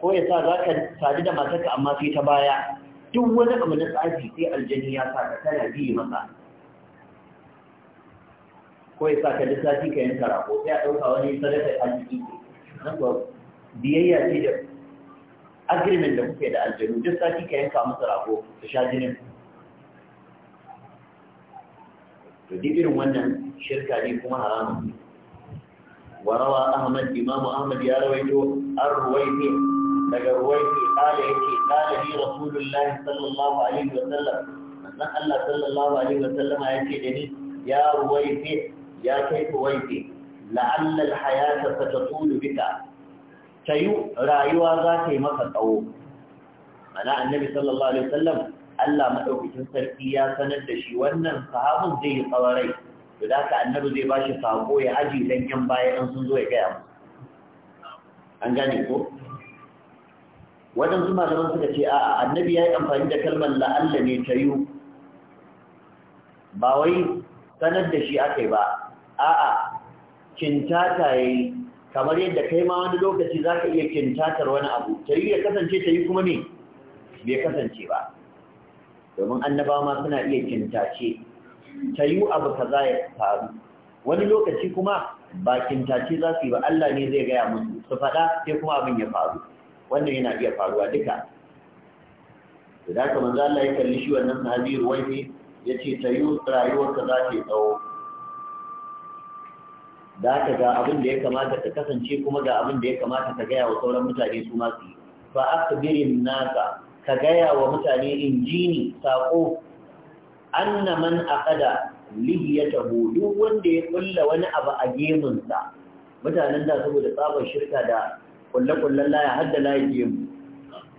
ko ya sa za ka sadu da matarka amma sai ta baya duk wani abu na tsafi sai aljani ya sa ka tana biyu masa ko ya sa ka lissafi ka yanka rako sai a ɗauka wani sadaka arziki nan ba biyayya ce da agreement da kuke da aljanu duk sati ka yanka masa rako su sha jinin to duk irin wannan shirka ne kuma haramun Warawa وروى أحمد إمام أحمد يا رويته الرويثي daga ruwaiki kala yake kala bi rasulullahi sallallahu alaihi wa sallam nan Allah sallallahu alaihi wa sallam ya ce da ni ya ruwaiki ya kai ruwaiki la'alla al-hayata satatulu bika tayu rayuwa za ta yi maka tsawo mana annabi sallallahu alaihi wa sallam, Allah madaukakin sarki ya sanar da shi wannan sahabin zai yi tsawarai to da ka annabi zai bashi sako ya aji dan yan baya sun zo ya gaya mu an gane ko waɗansu malaman suka ce a annabi ya yi amfani da kalmar la'alla ne ta yi ba wai sanar da shi aka yi ba a'a kintata ya yi kamar yadda kai ma wani lokaci za ka iya kintatar wani abu ta yi ya kasance ta yi kuma ne bai kasance ba domin annabawa ma suna iya kintace ta yi abu ka za ya faru wani lokaci kuma ba kintace za su yi ba Allah ne zai gaya musu su faɗa sai kuma abin ya faru wannan yana iya faruwa duka da da ka manzo Allah ya kalli shi wannan sahabi ruwaini yace ta yi rayuwarka za ta yi tsawo da ka ga abin da ya kamata ka kasance kuma ga abin da ya kamata ka gaya wa sauran mutane su ma su yi fa akbirin nasa ka gaya wa mutane injini sako anna man aqada lihiyatahu duk wanda ya kulla wani abu a gemunsa mutanen da saboda tsabar shirka da kulle-kullen laya har da layin gemu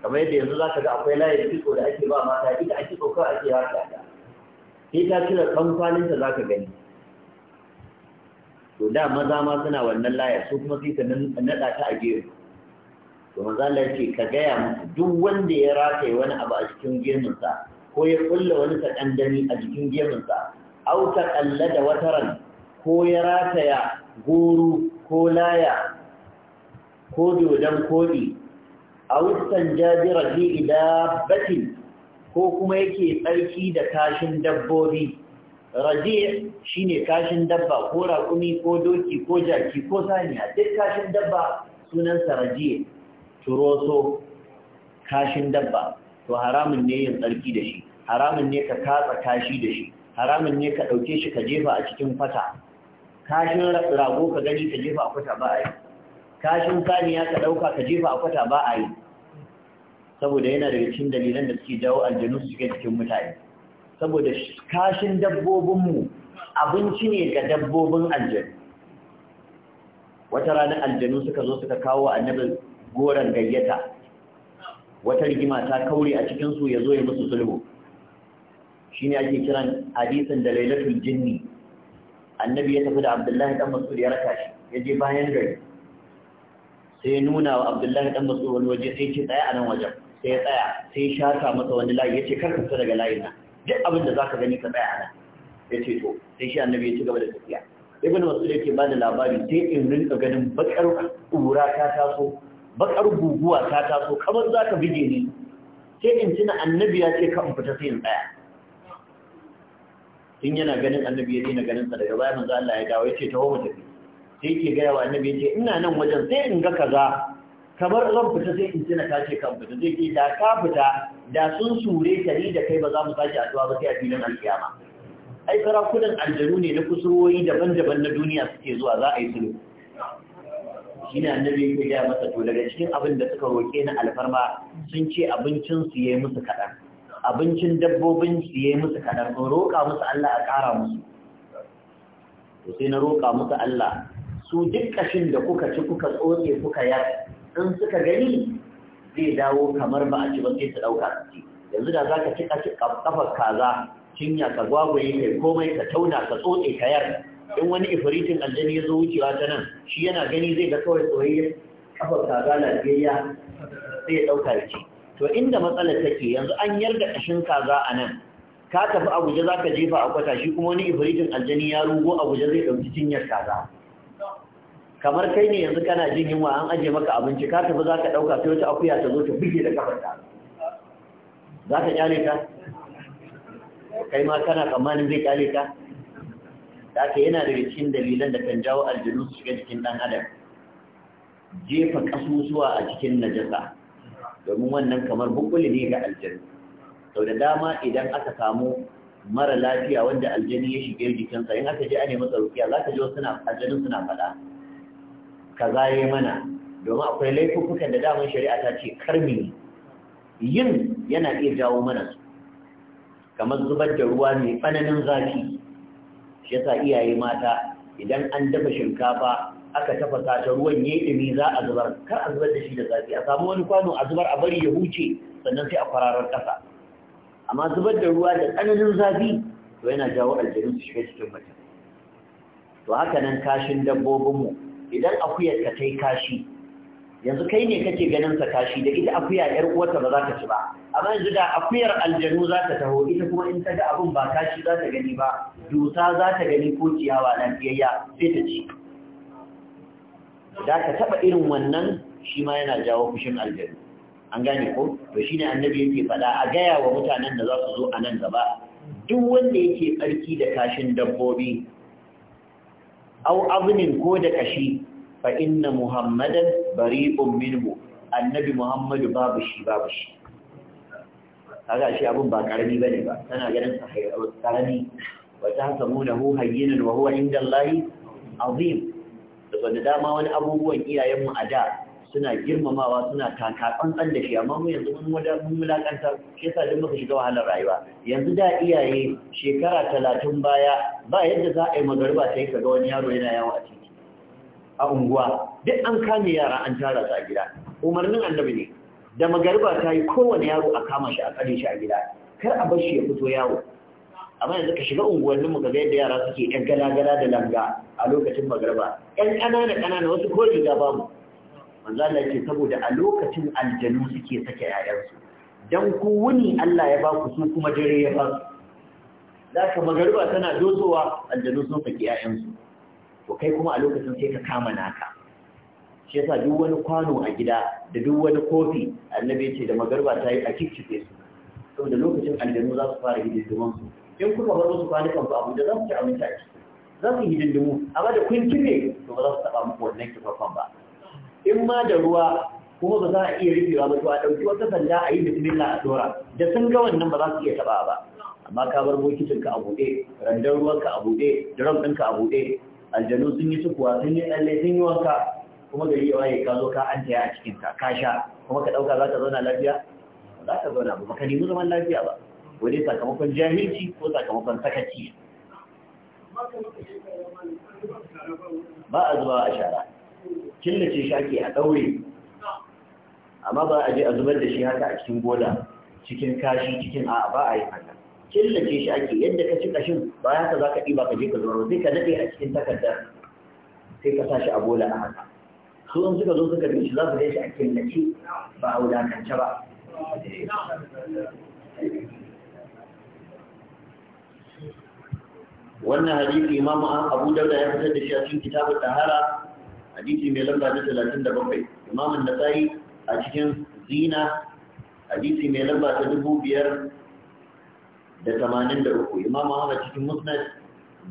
kamar yadda yanzu za ka ga akwai layin kitso da ake ba mata ita ake kitso kawai ake haka ta sai ta cire kamfaninta za ka gani to da maza ma suna wannan layi, su kuma sai ka naɗa ta a gemu to maza Allah ce ka gaya musu duk wanda ya rataye wani abu a cikin gemunsa ko ya kulla wani sakandani a jikin gemunsa au ta kalla da wataran ko ya rataya goro ko laya ko dodon koɗi a wustan jajira fi idabatin ko kuma yake tsarki da kashin dabbobi shi shine kashin dabba ko raƙumi ko doki ko jaki ko saniya duk kashin dabba sunansa raji turoso kashin dabba to haramun ne yin tsarki da shi haramun ne ka katsa kashi da shi haramun ne ka ɗauke shi ka jefa a cikin fata kashin rago ka gani ka jefa a fata ba a yi kashin saniya ka ɗauka ka jefa a kwata ba a yi saboda yana da cikin dalilan da suke jawo aljanu su cikin mutane saboda kashin dabbobinmu abinci ne ga dabbobin aljanu wata ranar aljanu suka zo suka kawo annabi goron gayyata wata rigima ta kaure a cikinsu ya zo ya musu sulhu shine ake kiran hadisin da lailatul jinni annabi ya tafi da abdullahi dan masud ya raka shi ya je bayan gari sai ya nuna wa abdullahi dan masu wani waje sai ce tsaya a nan wajen sai ya tsaya sai ya shata masa wani layi ya ce kar ka fita daga layin nan duk abin da zaka gani ka tsaya a nan ya ce to sai shi annabi ya ci gaba da tafiya ibn masud yake ba da labari sai in rinka ganin bakar ƙura ta taso bakar guguwa ta taso kamar za ka bige ni sai in tuna annabi ya ce ka in fita sai in tsaya In yana ganin annabi ya na ganin sa daga baya manzo Allah ya dawo ya ce taho mu tafi sai ke gaya wa annabi ce ina nan wajen sai in ga kaza kamar zan fita sai in tuna tace kan fita zai ke da ka fita da sun sure ta ni da kai ba za mu sake addu'a ba sai a filin alkiyama ai kudin aljanu ne na kusurwoyi daban-daban na duniya suke zuwa za a yi sulhu shi ne annabi ya gaya masa to daga cikin abin da suka roke na alfarma sun ce abincin su yayi musu kaɗan abincin dabbobin su yayi musu kaɗan in roƙa musu Allah a ƙara musu to sai na roƙa musu Allah su duk kashin da kuka ci kuka tsotse kuka yar in suka gani zai dawo kamar ba a ci ba sai ta ɗauka yanzu da zaka ka ci kashi kafar kaza cinya ka gwagwaye kai komai ka tauna ka tsotse ka yar in wani ifiritin aljani ya zo wucewa ta nan shi yana gani zai ga kawai tsoyayya kafar kaza lafiyayya sai ya ɗauka ya to inda matsalar take yanzu an yarda kashin kaza a nan ka tafi abuja zaka jefa a kwata shi kuma wani ifiritin aljani ya rugo abuja zai ɗauki cinyar kaza kamar kai ne yanzu kana jin yunwa an aje maka abinci ka tafi za ka ɗauka sai wata akuya ta zo ta buge da kafarta za ka kyale ta kai ma kana tsammanin zai kyale ta da ka yana daga cikin dalilan da kan jawo aljanu su shiga jikin ɗan adam jefa ƙasusuwa a cikin najasa domin wannan kamar bukuli ne ga aljanu sau da dama idan aka samu mara lafiya wanda aljani ya shiga jikinsa in aka je a nemi tsarukiya za ka ji wasu aljanu suna faɗa Ka ya mana domin akwai laifukan da daman shari'a ta ce karmi yin yana iya jawo mana su kamar zubar da ruwa mai tsananin zafi shi yasa iyaye mata idan an dafa shinkafa aka tafasa ta ruwan yayi dumi za a zubar kar a zubar da shi da zafi a samu wani kwano a zubar a bari ya huce sannan sai a kwararar kasa amma zubar da ruwa da tsananin zafi to yana jawo aljanu su shiga cikin mutum to haka nan kashin dabbobinmu idan akuyar ka kai kashi yanzu kai ne kake ganin sa kashi da ita akuya yar uwarta ba za ta ci ba amma yanzu da akuyar aljanu za ta taho ita kuma in ta ga abin ba kashi za ta gani ba dusa za ta gani ko ciyawa biyayya sai ta ci da ka taba irin wannan shi ma yana jawo fushin aljanu an gane ko to shine annabi yake faɗa a gaya wa mutanen da za su zo a nan gaba duk wanda yake tsarki da kashin dabbobi aw azmin ko da kashi fa inna muhammadan bari'un minhu annabi muhammadu babu shi babu shi kaga shi abun ba karami bane ba tana ganin sahihul karami wa tahsabunahu hayyinan wa huwa inda allahi azim da dama wani abubuwan iyayenmu a da suna girmamawa suna taka tsantsan da shi amma mu yanzu mun wada mun mulakanta ke sa duk muka shiga wahalar rayuwa yanzu da iyaye shekara talatin baya ba yadda za a yi magarba ta yi kaga wani yaro yana yawo a titi a unguwa duk an kame yara an tara su a gida umarnin annabi ne da magarba ta yi kowane yaro a kama shi a tsare shi a gida kar a bar shi ya fito yawo amma yanzu ka shiga unguwannin mu ga yadda yara suke yan gala-gala da langa a lokacin magarba yan ƙanana ƙanana wasu ko riga babu manzo Allah yake saboda a lokacin aljanu suke sake yayansu dan ku wuni Allah ya ba ku su kuma dare ya ba su zaka magariba tana dosowa aljanu sun sake yayansu to kai kuma a lokacin sai ka kama naka shi yasa duk wani kwano a gida da duk wani kofi annabi ya ce da magariba ta yi a kicce su saboda lokacin aljanu za su fara hidindimun su in kuma bar su kwani ba abu da za su ci abinci a ciki za su yi hidindimu amma da kun kife to ba za su taba muku wannan kifafan ba in ma da ruwa kuma ba za a iya rufewa ba to a ɗauki wata sanda a yi bismillah a dora da sun ga wannan ba za su iya taɓa ba amma ka bar bokitinka a buɗe randar ruwanka a buɗe drum ɗinka a buɗe aljanu sun yi sukuwa sun yi tsalle sun yi wanka kuma gari ya waye ka zo ka an a cikin ka ka sha kuma ka ɗauka za ka zauna lafiya za ka zauna ba ka nemi zaman lafiya ba wani sakamakon jahilci ko sakamakon sakaci ba a zuwa a shara killace shi ake a ɗaure amma ba a je a zubar da shi haka a cikin gona cikin kashi cikin a ba a yi haka killace shi ake yadda ka ci kashin ba haka za ka ɗiba ka je ka zuwa sai ka daɗe a cikin takardar sai ka sa shi a bola a haka su in suka zo suka bi shi za su gan shi a killace ba a wulakance ba wannan hadisi imamu abu dauda ya fitar da shi a cikin kitabun tahara hadisi mai lamba ta talatin da bakwai imamun da tsayi a cikin zina hadisi mai lamba ta dubu biyar da tamanin da uku imam ahmad cikin musnad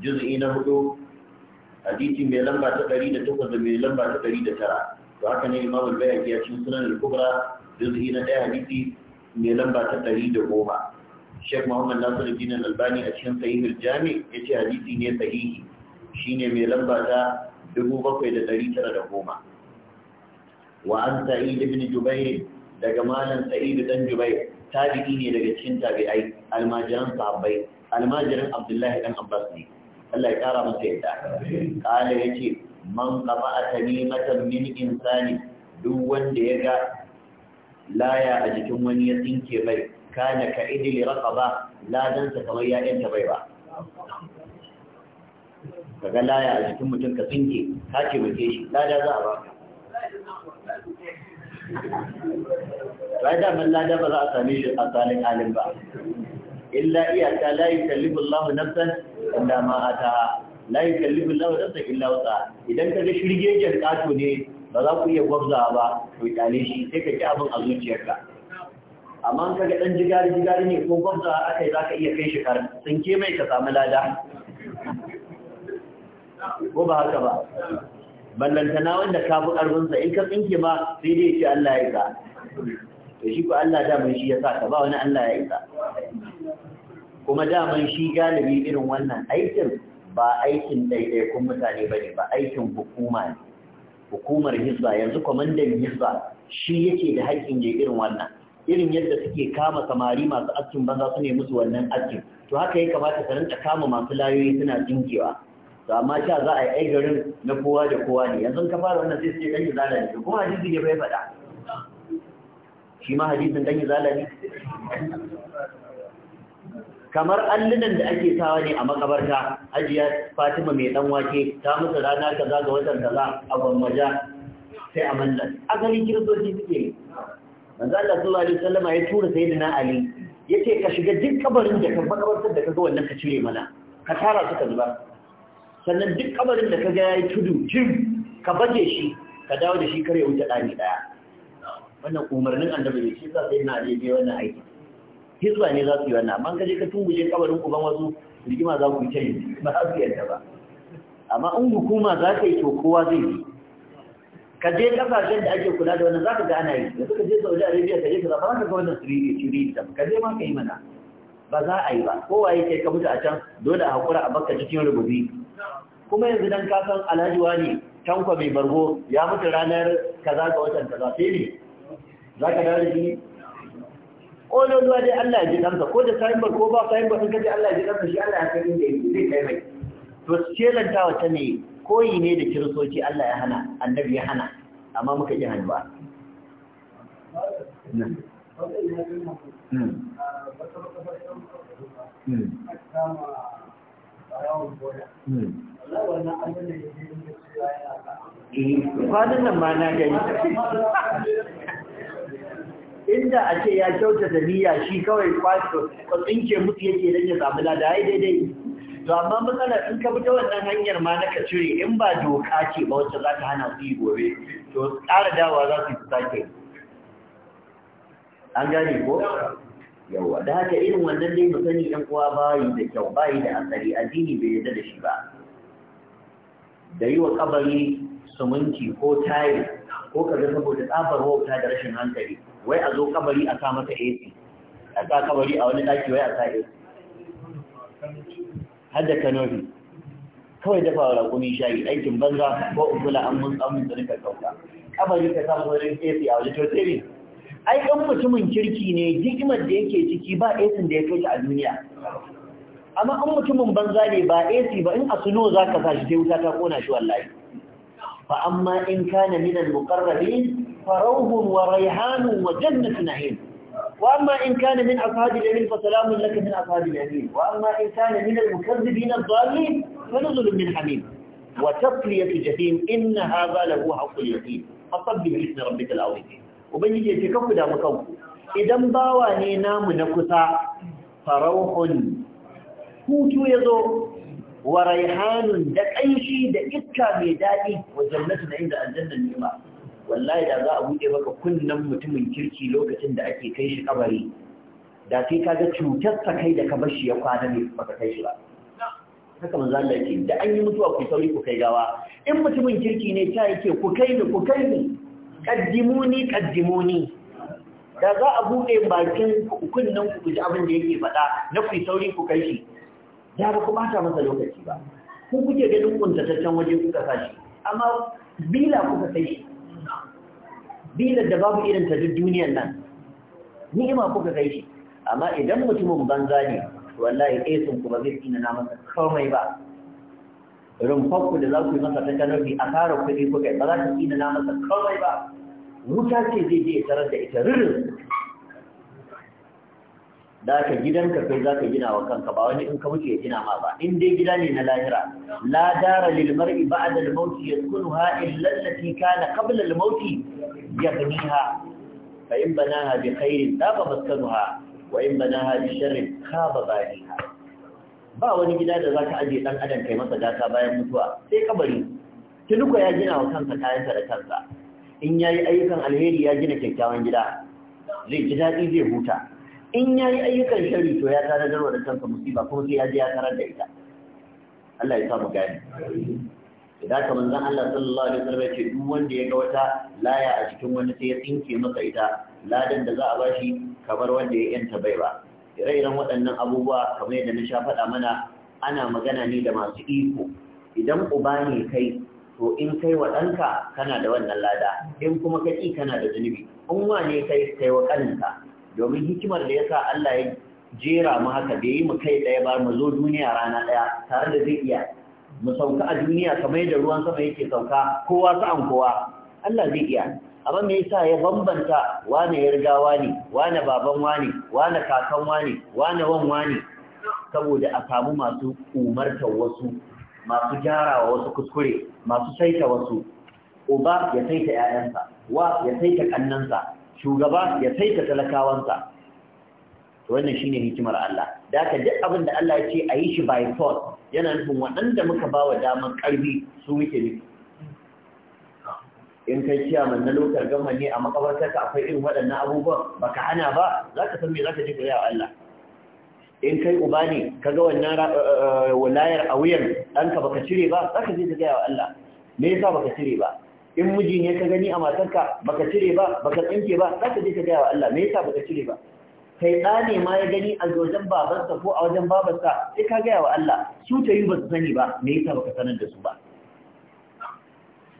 juz'i na hudu hadisi mai lamba ta ɗari da takwas da mai lamba ta ɗari da tara to haka ne imam bai a a cikin sunan al-kubra juz'i na ɗaya hadisi mai lamba ta ɗari da goma Sheikh Muhammad Nasiru Al-Albani a cikin Sahih jami'a jami yace hadisi ne sahihi shine mai lamba ta dubu bakwai da ɗari tara da goma wa an sa'id ibn jubair daga malam sa'id dan jubair tabi'i ne daga cikin tabi'ai almajiran sahabbai almajiran abdullahi dan abbas ne Allah ya kara masa yadda kala yace man qaba tamimatan min insani duk wanda ya ga laya a jikin wani ya tsinke bai kana ka idili raqaba ladan sa kamar ya yanta bai ba ka ga laya a jikin mutum ka tsinke ka ce ba shi lada za a ba ka da daman lada ba za a sami shi a tsanin halin ba illa iyaka layi kallifin lahu nafsan inda ma ta layi kallifin lahu nafsan illa wata idan ka ga shirgegen kato ne ba za ku iya gwabza ba to kyale shi sai ka ki abin a zuciyarka amma ka ga dan jigari jigari ne ko gwabza akai za ka iya kai shi kar tsinke mai ka samu lada ko ba haka ba ballantana wanda ka fi ƙarfinsa in ka tsinke ma sai dai ce Allah ya isa to shi ko Allah mun shi ya sa ka ba wani Allah ya isa kuma da mun shi galibi irin wannan aikin ba aikin kun mutane bane, ba aikin hukuma ne hukumar hizba yanzu kwamandan hizba shi yake da haƙƙin da irin wannan irin yadda suke kama samari masu askin banza su ne musu wannan askin to haka ya kamata ka rinka kama masu layoyi suna jinkewa to amma sha za a yi ai garin na kowa da kowa ne yanzu ka fara wannan sai sai dan izala ne kuma hadisi ne bai faɗa shi ma hadisin dan zalani? ne kamar allunan da ake sawa ne a makabarta ajiya fatima mai dan wake ta musu rana kaza ga watan kaza a gwammaja sai a mallan asalin kiristoci suke manzo Allah sallallahu alaihi wasallam ya tura sayyidina ali yace ka shiga duk kabarin da ka makabartar da kaga wannan ka cire mana ka tara suka zuba sannan duk kamarin da ka ga yayi tudu jim ka baje shi ka dawo da shi kare wuce ɗani ɗaya wannan umarnin annabi ne shi sa sai na je wannan aiki hizba ne za su yi wannan amma ka ka tumbuje kabarin uban wasu rigima za ku yi ta yi ba za su yarda ba amma in hukuma za ta yi to kowa zai yi ka je kasashen da ake kula da wannan za ka ga ana yi da suka je saudi arabia ka je ka zama ka ga wannan siriri siriri da ka je ma ka yi mana ba za a yi ba kowa ya kai ka mutu a can dole a haƙura a bakka cikin rububi kuma yanzu dan kasan alhaji wani tankwa mai bargo ya mutu ranar kaza ga watan kaza sai ne za ka dawo da shi zuwa dai Allah ya ji kansa ko da sayin bargo ko ba sayin bargo sun kaji Allah ya ji kansa shi Allah ya san inda zai kai mai to shelanta wata ne koyi ne da kiristoci Allah ya hana annabi ya hana amma muka ji hannuwa Hmm. hmm. hmm. hmm. kwanan nan ma na gani inda a ce ya kyauta niyya shi kawai kwato tsinke mutu yake danya ya samu lada dai-dai? to amma matsalar in ka fita wannan hanyar ma na ka cire in ba doka ce ba wacce za ta hana su yi gobe to tsara dawa za su yi sake an gane ko yawa da haka irin wannan dai mu sani ɗan uwa bayi da kyau bayi da asali addini bai yarda da shi ba da yi wa kabari suminti ko tayi ko kaga saboda tsabar wauta da rashin hankali wai a zo kabari a sa masa AC a sa kabari a wani daki wai a sa AC hadda kanobi kawai dafa wa rakumi shayi aikin banza ko ungula an mun tsamin da nika kauka kabari ka sa wurin AC a wajen totiri ai ɗan mutumin kirki ne hikimar da yake ciki ba AC da ya kai a duniya amma an mutumin banza ne ba AC ba in a suno za ka sa shi sai wuta ta kona shi wallahi fa amma in kana minan al-muqarrabin farawhun wa rayhanun wa jannatu na'im wa amma in kana min ashabi al-yamin fa salamun laka min ashabi al-yamin wa amma in kana min al-mukaththibin ad-dallin fa nuzulun min hamim wa tasliyatu jahim inna hadha lahu haqqul yaqin fasabbih bismi rabbikal azim ubangiji ya ce kanku da mu kanku idan bawa ne namu na kusa farauhun hutu ya zo wa raihanun da ƙanshi da iska mai daɗi wa jannatu na inda aljannan nema wallahi da za a buɗe maka kunnen mutumin kirki lokacin da ake kai shi kabari da sai ka ga cutar ta kai da ka bashi ya kwana ne baka kai shi ba haka manzo Allah yake da an yi mutuwa ku sauri ku kai gawa in mutumin kirki ne ta yake ku kai ni ku kai ni kaddimuni kaddimuni da za a buɗe bakin kunnen ku ji abin da yake faɗa na ku sauri ku kai shi ya ba kuma ta masa lokaci ba ku kuke ganin kuntataccen waje kuka sashi amma bila kuka kai shi Bila da babu irin ta duk duniyar nan ni'ima kuka kai shi amma idan mutumin banza ne wallahi ɗaya sun kuma zai tsina na masa komai ba rumfanku da za ku yi masa ta kanafi a kara kuɗi kuka ba za ta tsina na masa komai ba wuta ce zai je tarar da ita ririn da ka gidanka kai za ka gina wa kanka ba wani in ka wuce ya gina ma ba in dai gida ne na lahira la dara lil mar'i ba'da al maut yaskunuha illa allati kana qabla al maut yabniha fa in banaha bi khairin daba maskanuha wa in banaha bi sharrin khaba baniha ba wani gida da zaka aje dan adam kai masa gata bayan mutuwa sai kabari tunuko ya gina wa kansa kayansa da kansa in yayi ayyukan alheri ya gina kyakkyawan gida zai ji daɗi zai huta in ya yi ayyukan shari to ya tare da da kansa musiba ko sai ya je ya da ita Allah ya sa mu gani idan ka manzon Allah sallallahu alaihi wasallam ce duk wanda ya ga wata laya a cikin wani sai ya tsinke maka ita ladan da za a bashi kamar wanda ya yanta bai ba ire-iren waɗannan abubuwa kamar yadda na sha faɗa mana ana magana ne da masu iko idan uba ne kai to in kai wa ɗanka kana da wannan lada in kuma ka kana da zunubi in wane kai kai wa ƙaninka domin hikimar da yasa Allah ya jera mu haka da yi mu kai ɗaya ba mu zo duniya rana ɗaya tare da zai iya mu sauka a duniya kamar yadda ruwan sama yake sauka kowa sa'an kowa Allah zai iya amma me yasa ya bambanta wane ya riga wane wane baban wane wane kakan wane wane wan wane saboda a samu masu umartar wasu masu gyarawa wasu kuskure masu saita wasu uba ya saita ƴaƴansa wa ya saita kannansa shugaba ya saita talakawansa wannan shine hikimar Allah da haka duk abin da Allah ya ce a yi shi by force yana nufin waɗanda muka ba wa damar ƙarfi su muke ne in kai man na lokar gama ne a makabartar ka akwai irin waɗannan abubuwan baka hana ba za ka san me za ka ji wa Allah in kai uba ne ka ga wannan eh, eh, eh, walayar a wuyan ɗanka baka cire ba za ka je ka gaya wa Allah me yasa baka cire ba in miji ne ka gani a matarka baka cire ba baka tsinke ba za ka je ka gaya wa Allah me yasa baka cire ba kai da ne ma ya gani a wajen babarsa ko a wajen babarsa sai ka gaya wa Allah su ta yi ba su sani ba me yasa baka sanar da su ba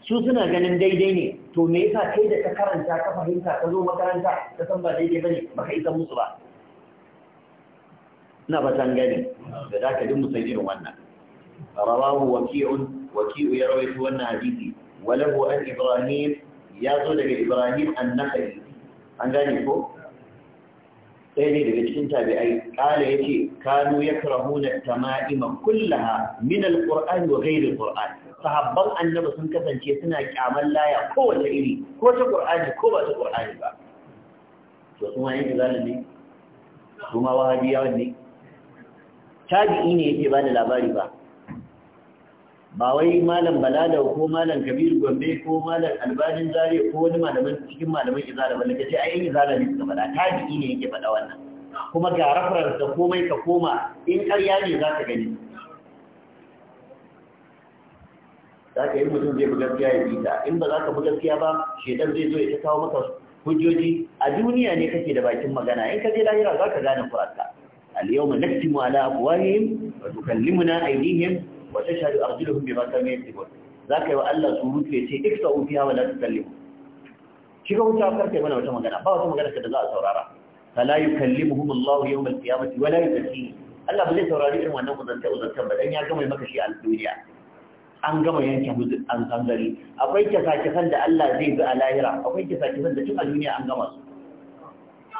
su suna ganin daidai ne to me yasa kai da ka karanta ka fahimta ka zo makaranta ka san ba daidai bane baka isa musu ba ina ba san gani da zaka duk san irin wannan rawahu waki'un waki'u ya rawaito wannan hadisi walahu an ibrahim ya zo daga ibrahim annakari an gane ko sai ne daga cikin tabi'ai kala yace kanu tamaɗi tama'ima kullaha min alquran wa ghayr alquran sahabban annabi sun kasance suna kyaman laya kowace iri ko ta qur'ani ko ba ta qur'ani ba to tabi'i ne yake ba labari ba ba wai malam balala ko malam kabir gombe ko malam albanin zare ko wani malamin cikin malamin izala wanda ce ai yin izala ne suka faɗa tabi'i ne yake faɗa wannan kuma ga reference da komai ka koma in ƙarya ne za ka gani za ka yi mutum zai bi gaskiya ya bita in ba za ka bi gaskiya ba shedan zai zo ya ta kawo maka hujjoji a duniya ne kake da bakin magana in ka je lahira za ka gane kurarka al yawma naktimu ala afwahihim wa tukallimuna aydihim wa tashhadu arjuluhum bima kanu yaktubun zaka yi wa Allah surutu ya ce iksau fiha wa la tukallimu shiga wuta karkai mana wata magana ba wata magana da za a saurara fala yukallimuhum Allah yawm al-qiyamati wa la yuzakkihim Allah ba zai saurari irin wannan kuzanta uzantan ba dan ya gama maka shi a duniya an gama yanke hudud an sangare akwai kisa-kisan da Allah zai bi a lahira akwai kisa-kisan da tun a duniya an gama su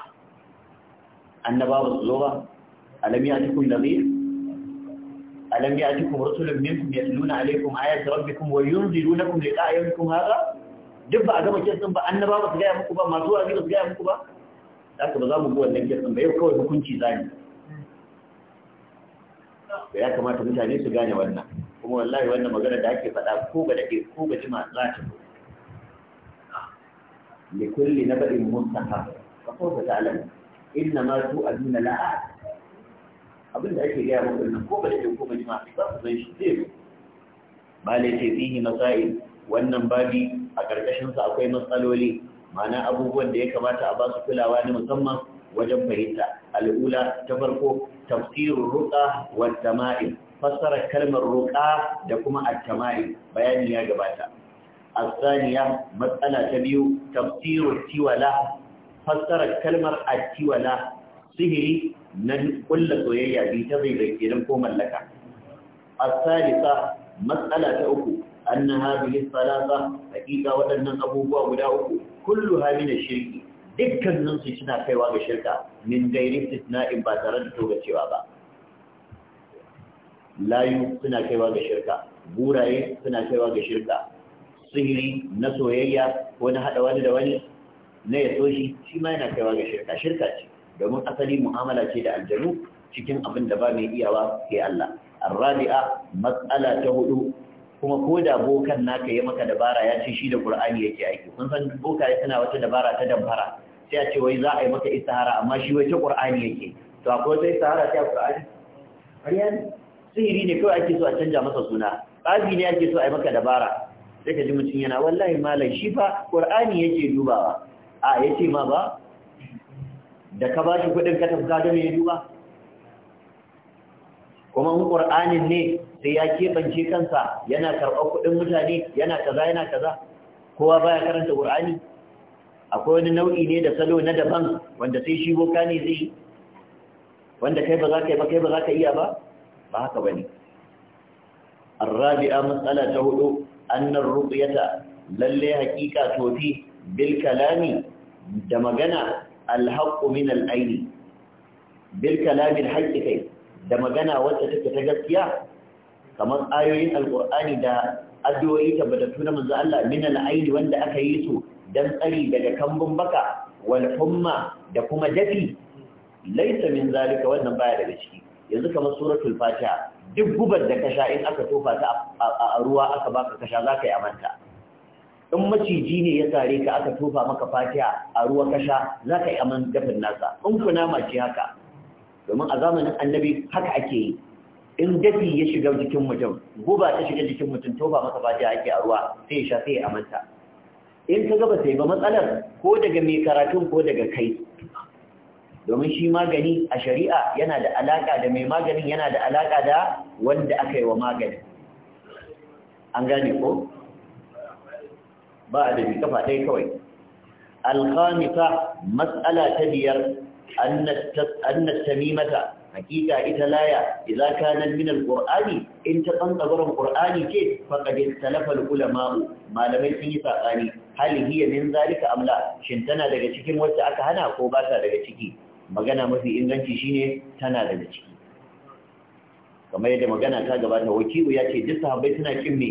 annaba ba su zo ba alamiya cikin nazir alam ya'tikum rusulun minkum yatluna alaykum ayati rabbikum wa yunzirunakum liqa'a yawmikum hadha duk ba a gama kisan ba annaba ba su gaya muku ba masu wazi ba su gaya muku ba haka ba za mu bi wannan kisan ba yau kawai hukunci zani da ya kamata mutane su gane wannan kuma wallahi wannan magana da ake faɗa ko ga dake ko ga jima za ta zo li kulli nabain mustafa fa sawfa ta'lam inna ma tu'aduna la'at abin da ake gaya maka ko ba da ko ba jima ba zai shi ce ba lai ce fihi masail wannan babi a karkashin sa akwai matsaloli ma'ana abubuwan da ya kamata a ba su kulawa ne musamman wajen fahimta al'ula ta farko tafsirin ruqa wa Tama'i, fassara kalmar ruqa da kuma Atama'i, bayani ya gabata matsala ta biyu, تفسير Tiwala, فسر kalmar Atiwala, sihiri. na kulla soyayya bi ta zai bai idan ko mallaka Salisa, matsala ta uku anna hadhihi salasa hakika waɗannan abubuwa guda uku kullu na shirki nan su suna kaiwa ga shirka min gairi istisna'in ba tare da cewa ba layu suna kaiwa ga shirka buraye suna kaiwa ga shirka sihiri na soyayya ko na hada wani da wani na ya shi shi ma yana kaiwa ga shirka shirka ce domin asali mu'amala ce da aljanu cikin abin da ba mai iyawa sai Allah Rabi'a mas'ala ta hudu kuma ko da bokan naka ya maka dabara ya ce shi da qur'ani yake aiki kun san bokaye yana wata dabara ta damfara sai a ce wai za a yi maka istihara amma shi wai ta qur'ani yake to akwai wata istihara ta qur'ani ƙarya ne sihiri ne kawai ake so a canja masa suna tsafi ne ake so a yi maka dabara sai ka ji mutum yana wallahi malam shi fa qur'ani yake dubawa a yace ma ba da ka bashi kuɗin ka tafka da mai duba kuma in ƙur'anin ne sai ya keɓance kansa yana karɓar kuɗin mutane yana kaza yana kaza kowa baya karanta ƙur'ani akwai wani nau'i ne da salo na daban wanda sai shi boka ne zai wanda kai ba za ka yi ba kai ba za ka iya ba ba haka ba ne الرابعة مسألة هدو lalle الرقية tofi bil kalami da magana alhaqqu min al-ayn bil kai da magana wacce take ta gaskiya kamar ayoyin alqur'ani da addu'o'i tabbatattu na manzu Allah min al wanda aka yi su don tsari daga kambun baka wal da kuma dafi laysa min zalika wannan baya daga ciki yanzu kamar suratul fatiha duk gubar da kasha in aka tofa ta a ruwa aka baka kasha zaka yi amanta in maciji ne ya sare ka aka tofa maka fatiha a ruwa kasha za ka yi aman dafin nasa in kuna mace haka domin a zamanin annabi haka ake yi in dafi ya shiga jikin mutum guba ta shiga jikin mutum tofa maka fatiha ake a ruwa sai ya sha sai ya amanta in ka gaba sai ba matsalar ko daga mai karatun ko daga kai domin shi magani a shari'a yana da alaka da mai maganin yana da alaka da wanda aka yi wa magani. an gane ko ba a da kafa ɗaya kawai alhamisa matsala ta biyar anna tamimata hakika ita laya idza kana min alqur'ani in ta kan tsabaran qur'ani ce faqad istalafa ulama malamai sun yi sakani hal hiya min zalika amla shin tana daga cikin wacce aka hana ko ba ta daga ciki magana mafi inganci shine tana daga ciki kamar yadda magana ta gabata wakilu ya ce duk sahabbai suna kin me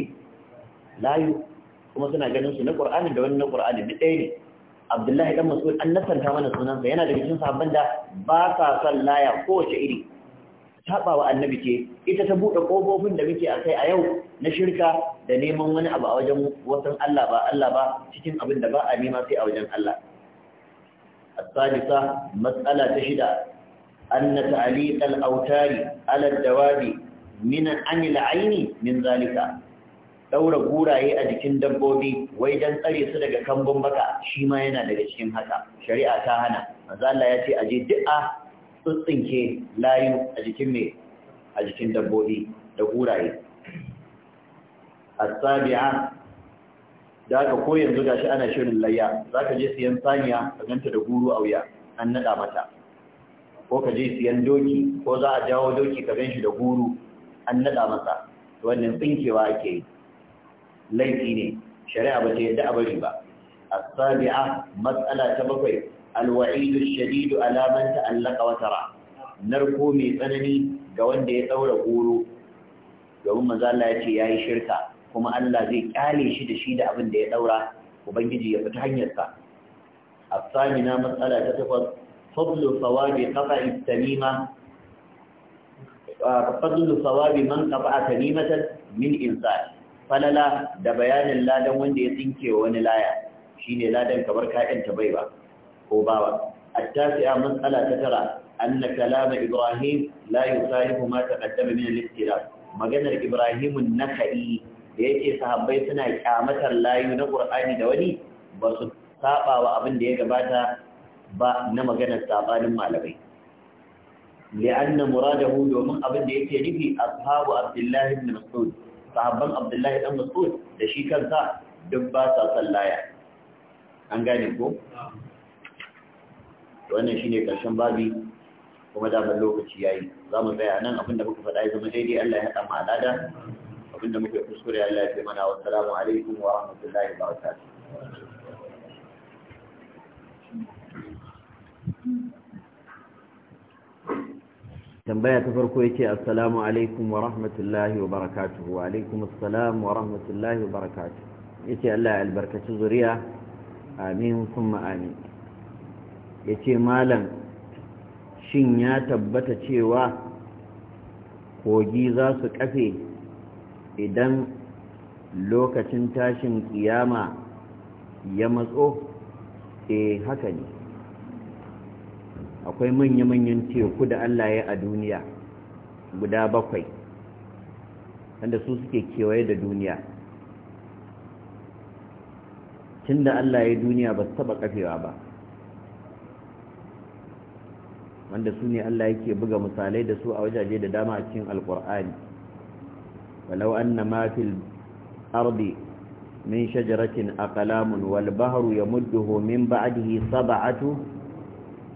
layu kuma suna ganin su na Qur'ani da wani na Qur'ani duk ɗaya ne Abdullahi dan Mas'ud an nasanta mana sunansa yana daga cikin sahabban da ba sa son laya kowace iri sabawa annabi ce ita ta bude kofofin da muke kai a yau na shirka da neman wani abu a wajen wasan Allah ba Allah ba cikin abin da ba a nema sai a wajen Allah الثالثة matsala ta shida, Annata, Ali, على الدواب من عن العين min zalika ɗaura guraye a jikin dabbobi wai don tsare su daga kambun baka shi ma yana daga cikin haka shari'a ta hana manzo Allah ya ce a je duk a tsintsinke layu a jikin me a jikin dabbobi da guraye as-sabi'a da ka ko yanzu gashi ana shirin layya zaka je siyan saniya ka ganta da guru a wuya an nada mata ko ka je siyan doki ko za a jawo doki ka ganshi da guru an nada masa wannan tsinkewa ake yi laifi ne shari'a ba ta yadda a bari ba as-sabi'a mas'ala ta bakwai al-wa'idu ash-shadid ala tara narko mai tsanani ga wanda ya daura goro domin manzo Allah ya ce yi shirka kuma Allah zai kyale shi da shi da abin da ya daura ubangiji ya fita hanyarsa as-samina mas'ala ta takwas fadlu thawabi qata'i fadlu thawabi man qata'a tamimatan min insan falala da bayanin ladan wanda ya tsinke wani laya shi ne ladan kamar ka'inta ta baiwa. ko bawa a tasiya matsala ta tara annaka kalama ibrahim la Salihu, Mata, taqaddama min al-istira maganar ibrahim nakai da yake sahabbai suna kyamatar layu na qur'ani da wani ba su saba abin da ya gabata ba na maganar sabanin malamai li'anna muradahu domin abin da yake nufi ashabu abdullahi ibn mas'ud sahabban abdullahi dan mas'ud da shi kansa duk ba sa sallaya an gane ko wannan shine karshen babi kuma damar lokaci yayi zamu mu tsaya nan abinda muka faɗa ya zama daidai Allah ya haɗa mu alada abinda muka yi kuskure Allah ya fi mana wa salamu alaikum wa rahmatullahi wa barakatuh tambaya ta farko yace assalamu alaikum wa rahmatullahi wa barakatuhu wa alaikum assalam wa rahmatullahi wa barakatuhu yace Allah ya albarkaci zuriya amin kuma amin yace malam shin ya tabbata cewa kogi za su kafe idan lokacin tashin kiyama ya matso eh haka ne akwai manya-manyan teku da Allah ya a duniya guda bakwai wanda su suke kewaye da duniya tun da Allah ya duniya ba su taba kafewa ba wanda su ne Allah yake buga misalai da su a wajaje da dama a cikin alkur'ani walau anna ma fil ardi min shajaratin aqlamun wal bahru yamudduhu min ba'dihi sab'atu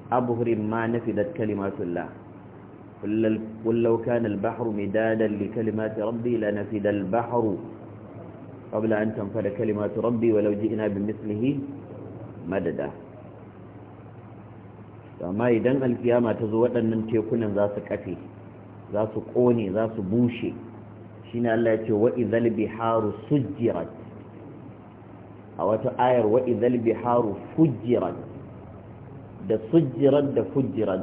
أبهر ما نفدت كلمات الله قل لو كان البحر مدادا لكلمات ربي لنفد البحر قبل أن تنفد كلمات ربي ولو جئنا بمثله مددا amma idan alkiyama ta zo waɗannan tekunan za su kafe za su ƙone za su bushe shi ne Allah wa'izal biharu a wata ayar wa'izal biharu fujjirat da fujjiran da fujjiran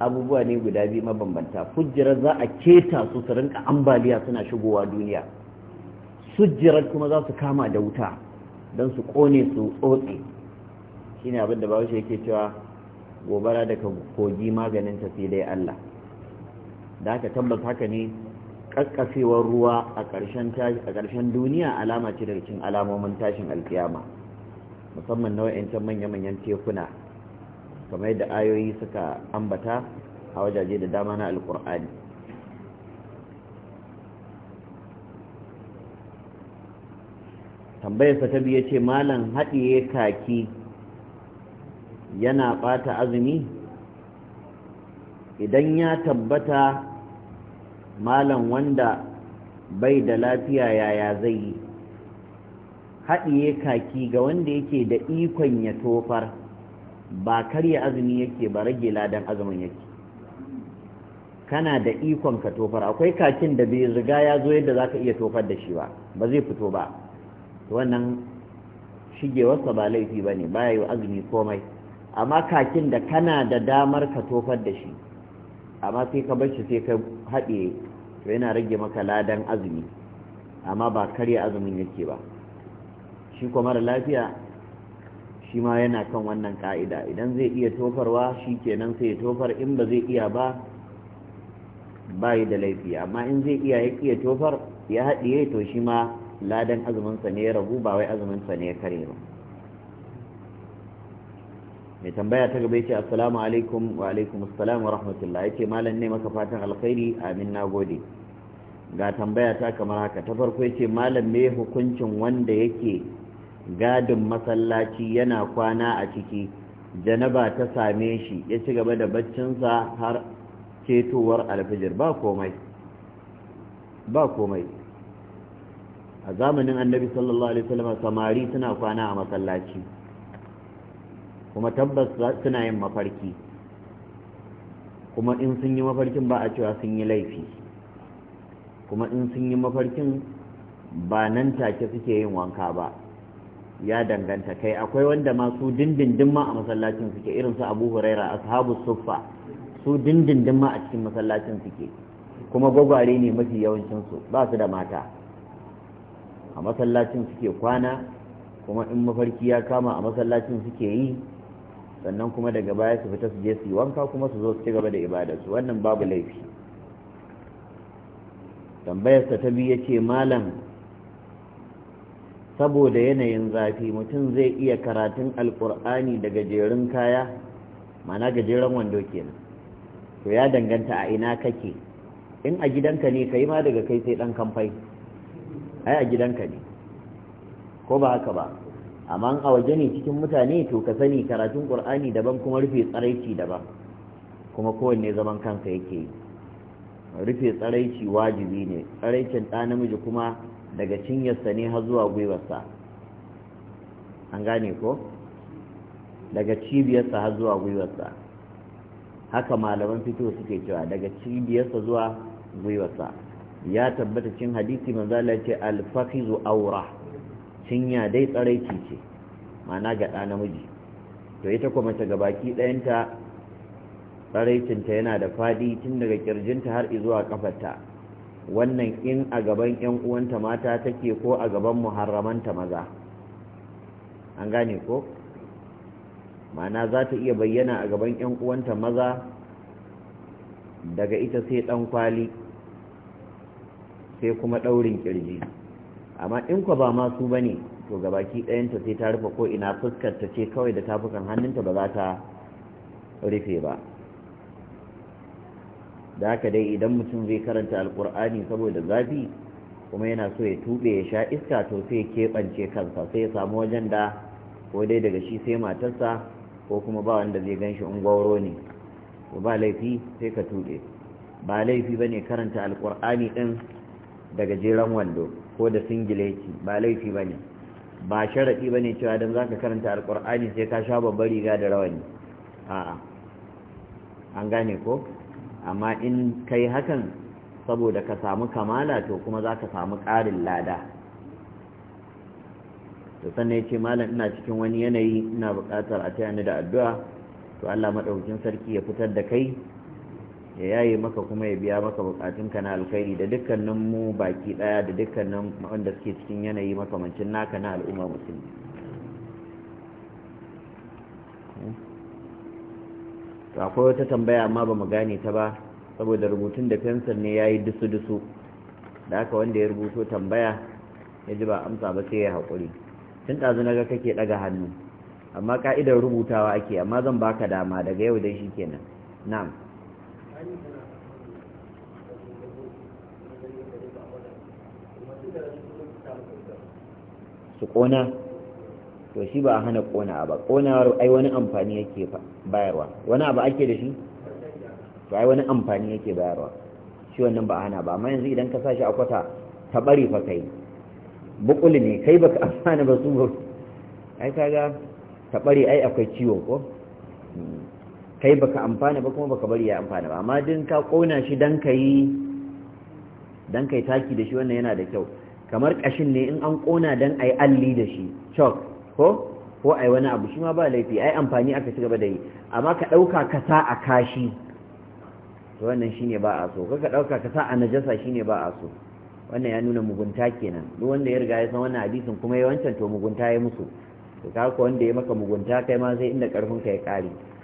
abubuwa ne guda biyu mabambanta fujjiran za a keta su su rinka ambaliya suna shigowa duniya Fujjiran kuma za su kama da wuta don su kone su tsotse ne abin da wuce yake cewa gobara daga kogi maganin tafi dai Allah da haka tabbas haka ne kakkafewar ruwa a ƙarshen duniya alama ce daga cin alamomin tashin alkiyama musamman na can manya-manyan tekuna kamar yadda ayoyi suka ambata a wajaje da dama na alkur'ani tambayarsa ta biya ce malam haɗiye kaki yana ɓata azumi idan ya tabbata malam wanda bai da lafiya yaya zai yi haɗiye kaki ga wanda yake da ikon ya tofar ba karya azumi yake ba rage ladan azumin yake kana da ikon ka tofar akwai kakin da bai riga ya zo yadda zaka iya tofar da shi ba ba zai fito ba wannan shigewarsa ba laifi ba ne ya yi azumi komai amma kakin da kana da damar ka tofar da shi amma sai ka bar shi sai ka haɗe to yana rage maka ladan azumi amma ba karya azumin yake ba shi kuma mara lafiya shi ma yana kan wannan ka'ida idan zai iya tofarwa shi kenan sai ya tofar in ba zai iya ba yi da laifi amma in zai iya ya iya tofar ya haɗiye to shi ma ladan azuminsa ne ya ragu ba wai azuminsa ne ya kare ba mai tambaya ta gaba ce assalamu alaikum wa alaikum assalam wa rahmatullah yace malam ne maka fatan alkhairi amin gode. ga tambaya ta kamar haka ta farko yace malam me hukuncin wanda yake gadin masallaci yana kwana a ciki janaba ta same shi ya ci gaba da baccinsa har ketowar alfijir ba komai ba komai a zamanin annabi sallallahu alaihi wasallam samari suna kwana a masallaci kuma tabbas suna yin mafarki kuma in sun yi mafarkin ba a cewa sun yi laifi kuma in sun yi mafarkin ba nan take suke yin wanka ba ya danganta kai akwai wanda ma su dindindin ma a masallacin suke irin su abu huraira ashabu suffa su dindindin ma a cikin masallacin suke kuma gwagware ne mafi yawancinsu ba su da mata a masallacin suke kwana kuma in mafarki ya kama a masallacin suke yi sannan kuma daga baya su fita su je su yi wanka kuma su zo su ci gaba da ibadarsu wannan babu laifi tambayarsa ta biyu ya ce malam saboda yanayin zafi mutum zai iya karatun alkur'ani da gajerun kaya mana gajeren wando kenan to ya danganta a ina kake in a gidanka ne kai ma daga kai sai dan kamfai ai a gidanka ne ko ba haka ba amma a waje ne cikin mutane to ka sani karatun ƙur'ani daban kuma rufe tsaraici daban kuma kowanne zaman kansa yake yi rufe tsaraici wajibi ne tsaraicin ɗa namiji kuma daga cinyarsa ne har zuwa gwiwarsa an gane ko daga cibiyarsa har zuwa gwiwarsa haka malaman fito suke cewa daga cibiyarsa zuwa gwiwarsa ya tabbata cin hadisi manzala ce alfakizu aura cinya dai tsaraici ce mana ga ɗa namiji to ita kuma ta ga baki ɗayanta tsaraicinta yana da faɗi tun daga ƙirjinta har izuwa kafarta wannan in a gaban ƴan uwanta mata take ko a gaban muharramanta maza an gane ko mana za ta iya bayyana a gaban yan uwanta maza daga ita sai dan kwali sai kuma daurin kirji amma in kwa ba masu ba ne to gabaki ɗayanta sai ta rufe ko ina fuskarta ce kawai da tafukan hannunta ba za ta rufe ba da haka dai idan mutum zai karanta alkur'ani saboda zafi kuma yana so ya tube ya sha iska to sai ya keɓance kansa sai ya samu wajen da ko dai daga shi sai matarsa ko kuma ba wanda zai gan shi ungwaro ne to ba laifi sai ka tube ba laifi ba ne karanta alkur'ani ɗin daga jeran wando ko da singileti ba laifi ba ne ba sharaɗi ba ne cewa don za ka karanta alkur'ani sai ka sha babbar riga da rawani a'a an gane ko amma in kai hakan saboda ka samu kamala to kuma za ka samu ƙarin lada to sannan ya ce malam ina cikin wani yanayi ina buƙatar a tayani da addu'a to Allah maɗaukakin sarki ya fitar da kai ya yaye maka kuma ya biya maka buƙatunka na alkhairi da dukkanin mu baki ɗaya da dukkanin wanda suke cikin yanayi makamancin naka na al'umma musulmi to akwai wata tambaya amma ba mu gane ta ba saboda rubutun da fensir ne ya yi dusu-dusu da aka wanda ya rubuto tambaya ya ji ba amsa ba sai ya haƙuri tun ɗazu na ga kake ɗaga hannu amma ƙa'idar rubutawa ake amma zan baka dama daga yau dai shi kenan na'am su ƙona to shi ba a hana kona ba konawar ai wani amfani yake bayarwa wani abu ake da shi to ai wani amfani yake bayarwa shi wannan ba a hana ba amma yanzu idan ka sashi a kwata ta bari fa kai bukuli ne kai baka amfana ba su ai kaga ta bari ai akwai ciwo ko hmm. kai baka amfana ba kuma baka bari ya amfana ba amma din ka kona shi dan kai dan kai taki da shi wannan yana da kyau kamar kashin ne in an kona dan ai alli da shi chalk ko ko ai wani abu shi ma ba laifi ai amfani aka ci gaba da yi amma ka ɗauka ka sa a kashi wannan shine ba a so ka ɗauka ka sa a najasa shine ba a so wannan ya nuna mugunta kenan duk wanda ya riga ya san wannan hadisin kuma ya wancan to mugunta ya musu to ka wanda ya maka mugunta kai ma sai inda karfin ka ya kare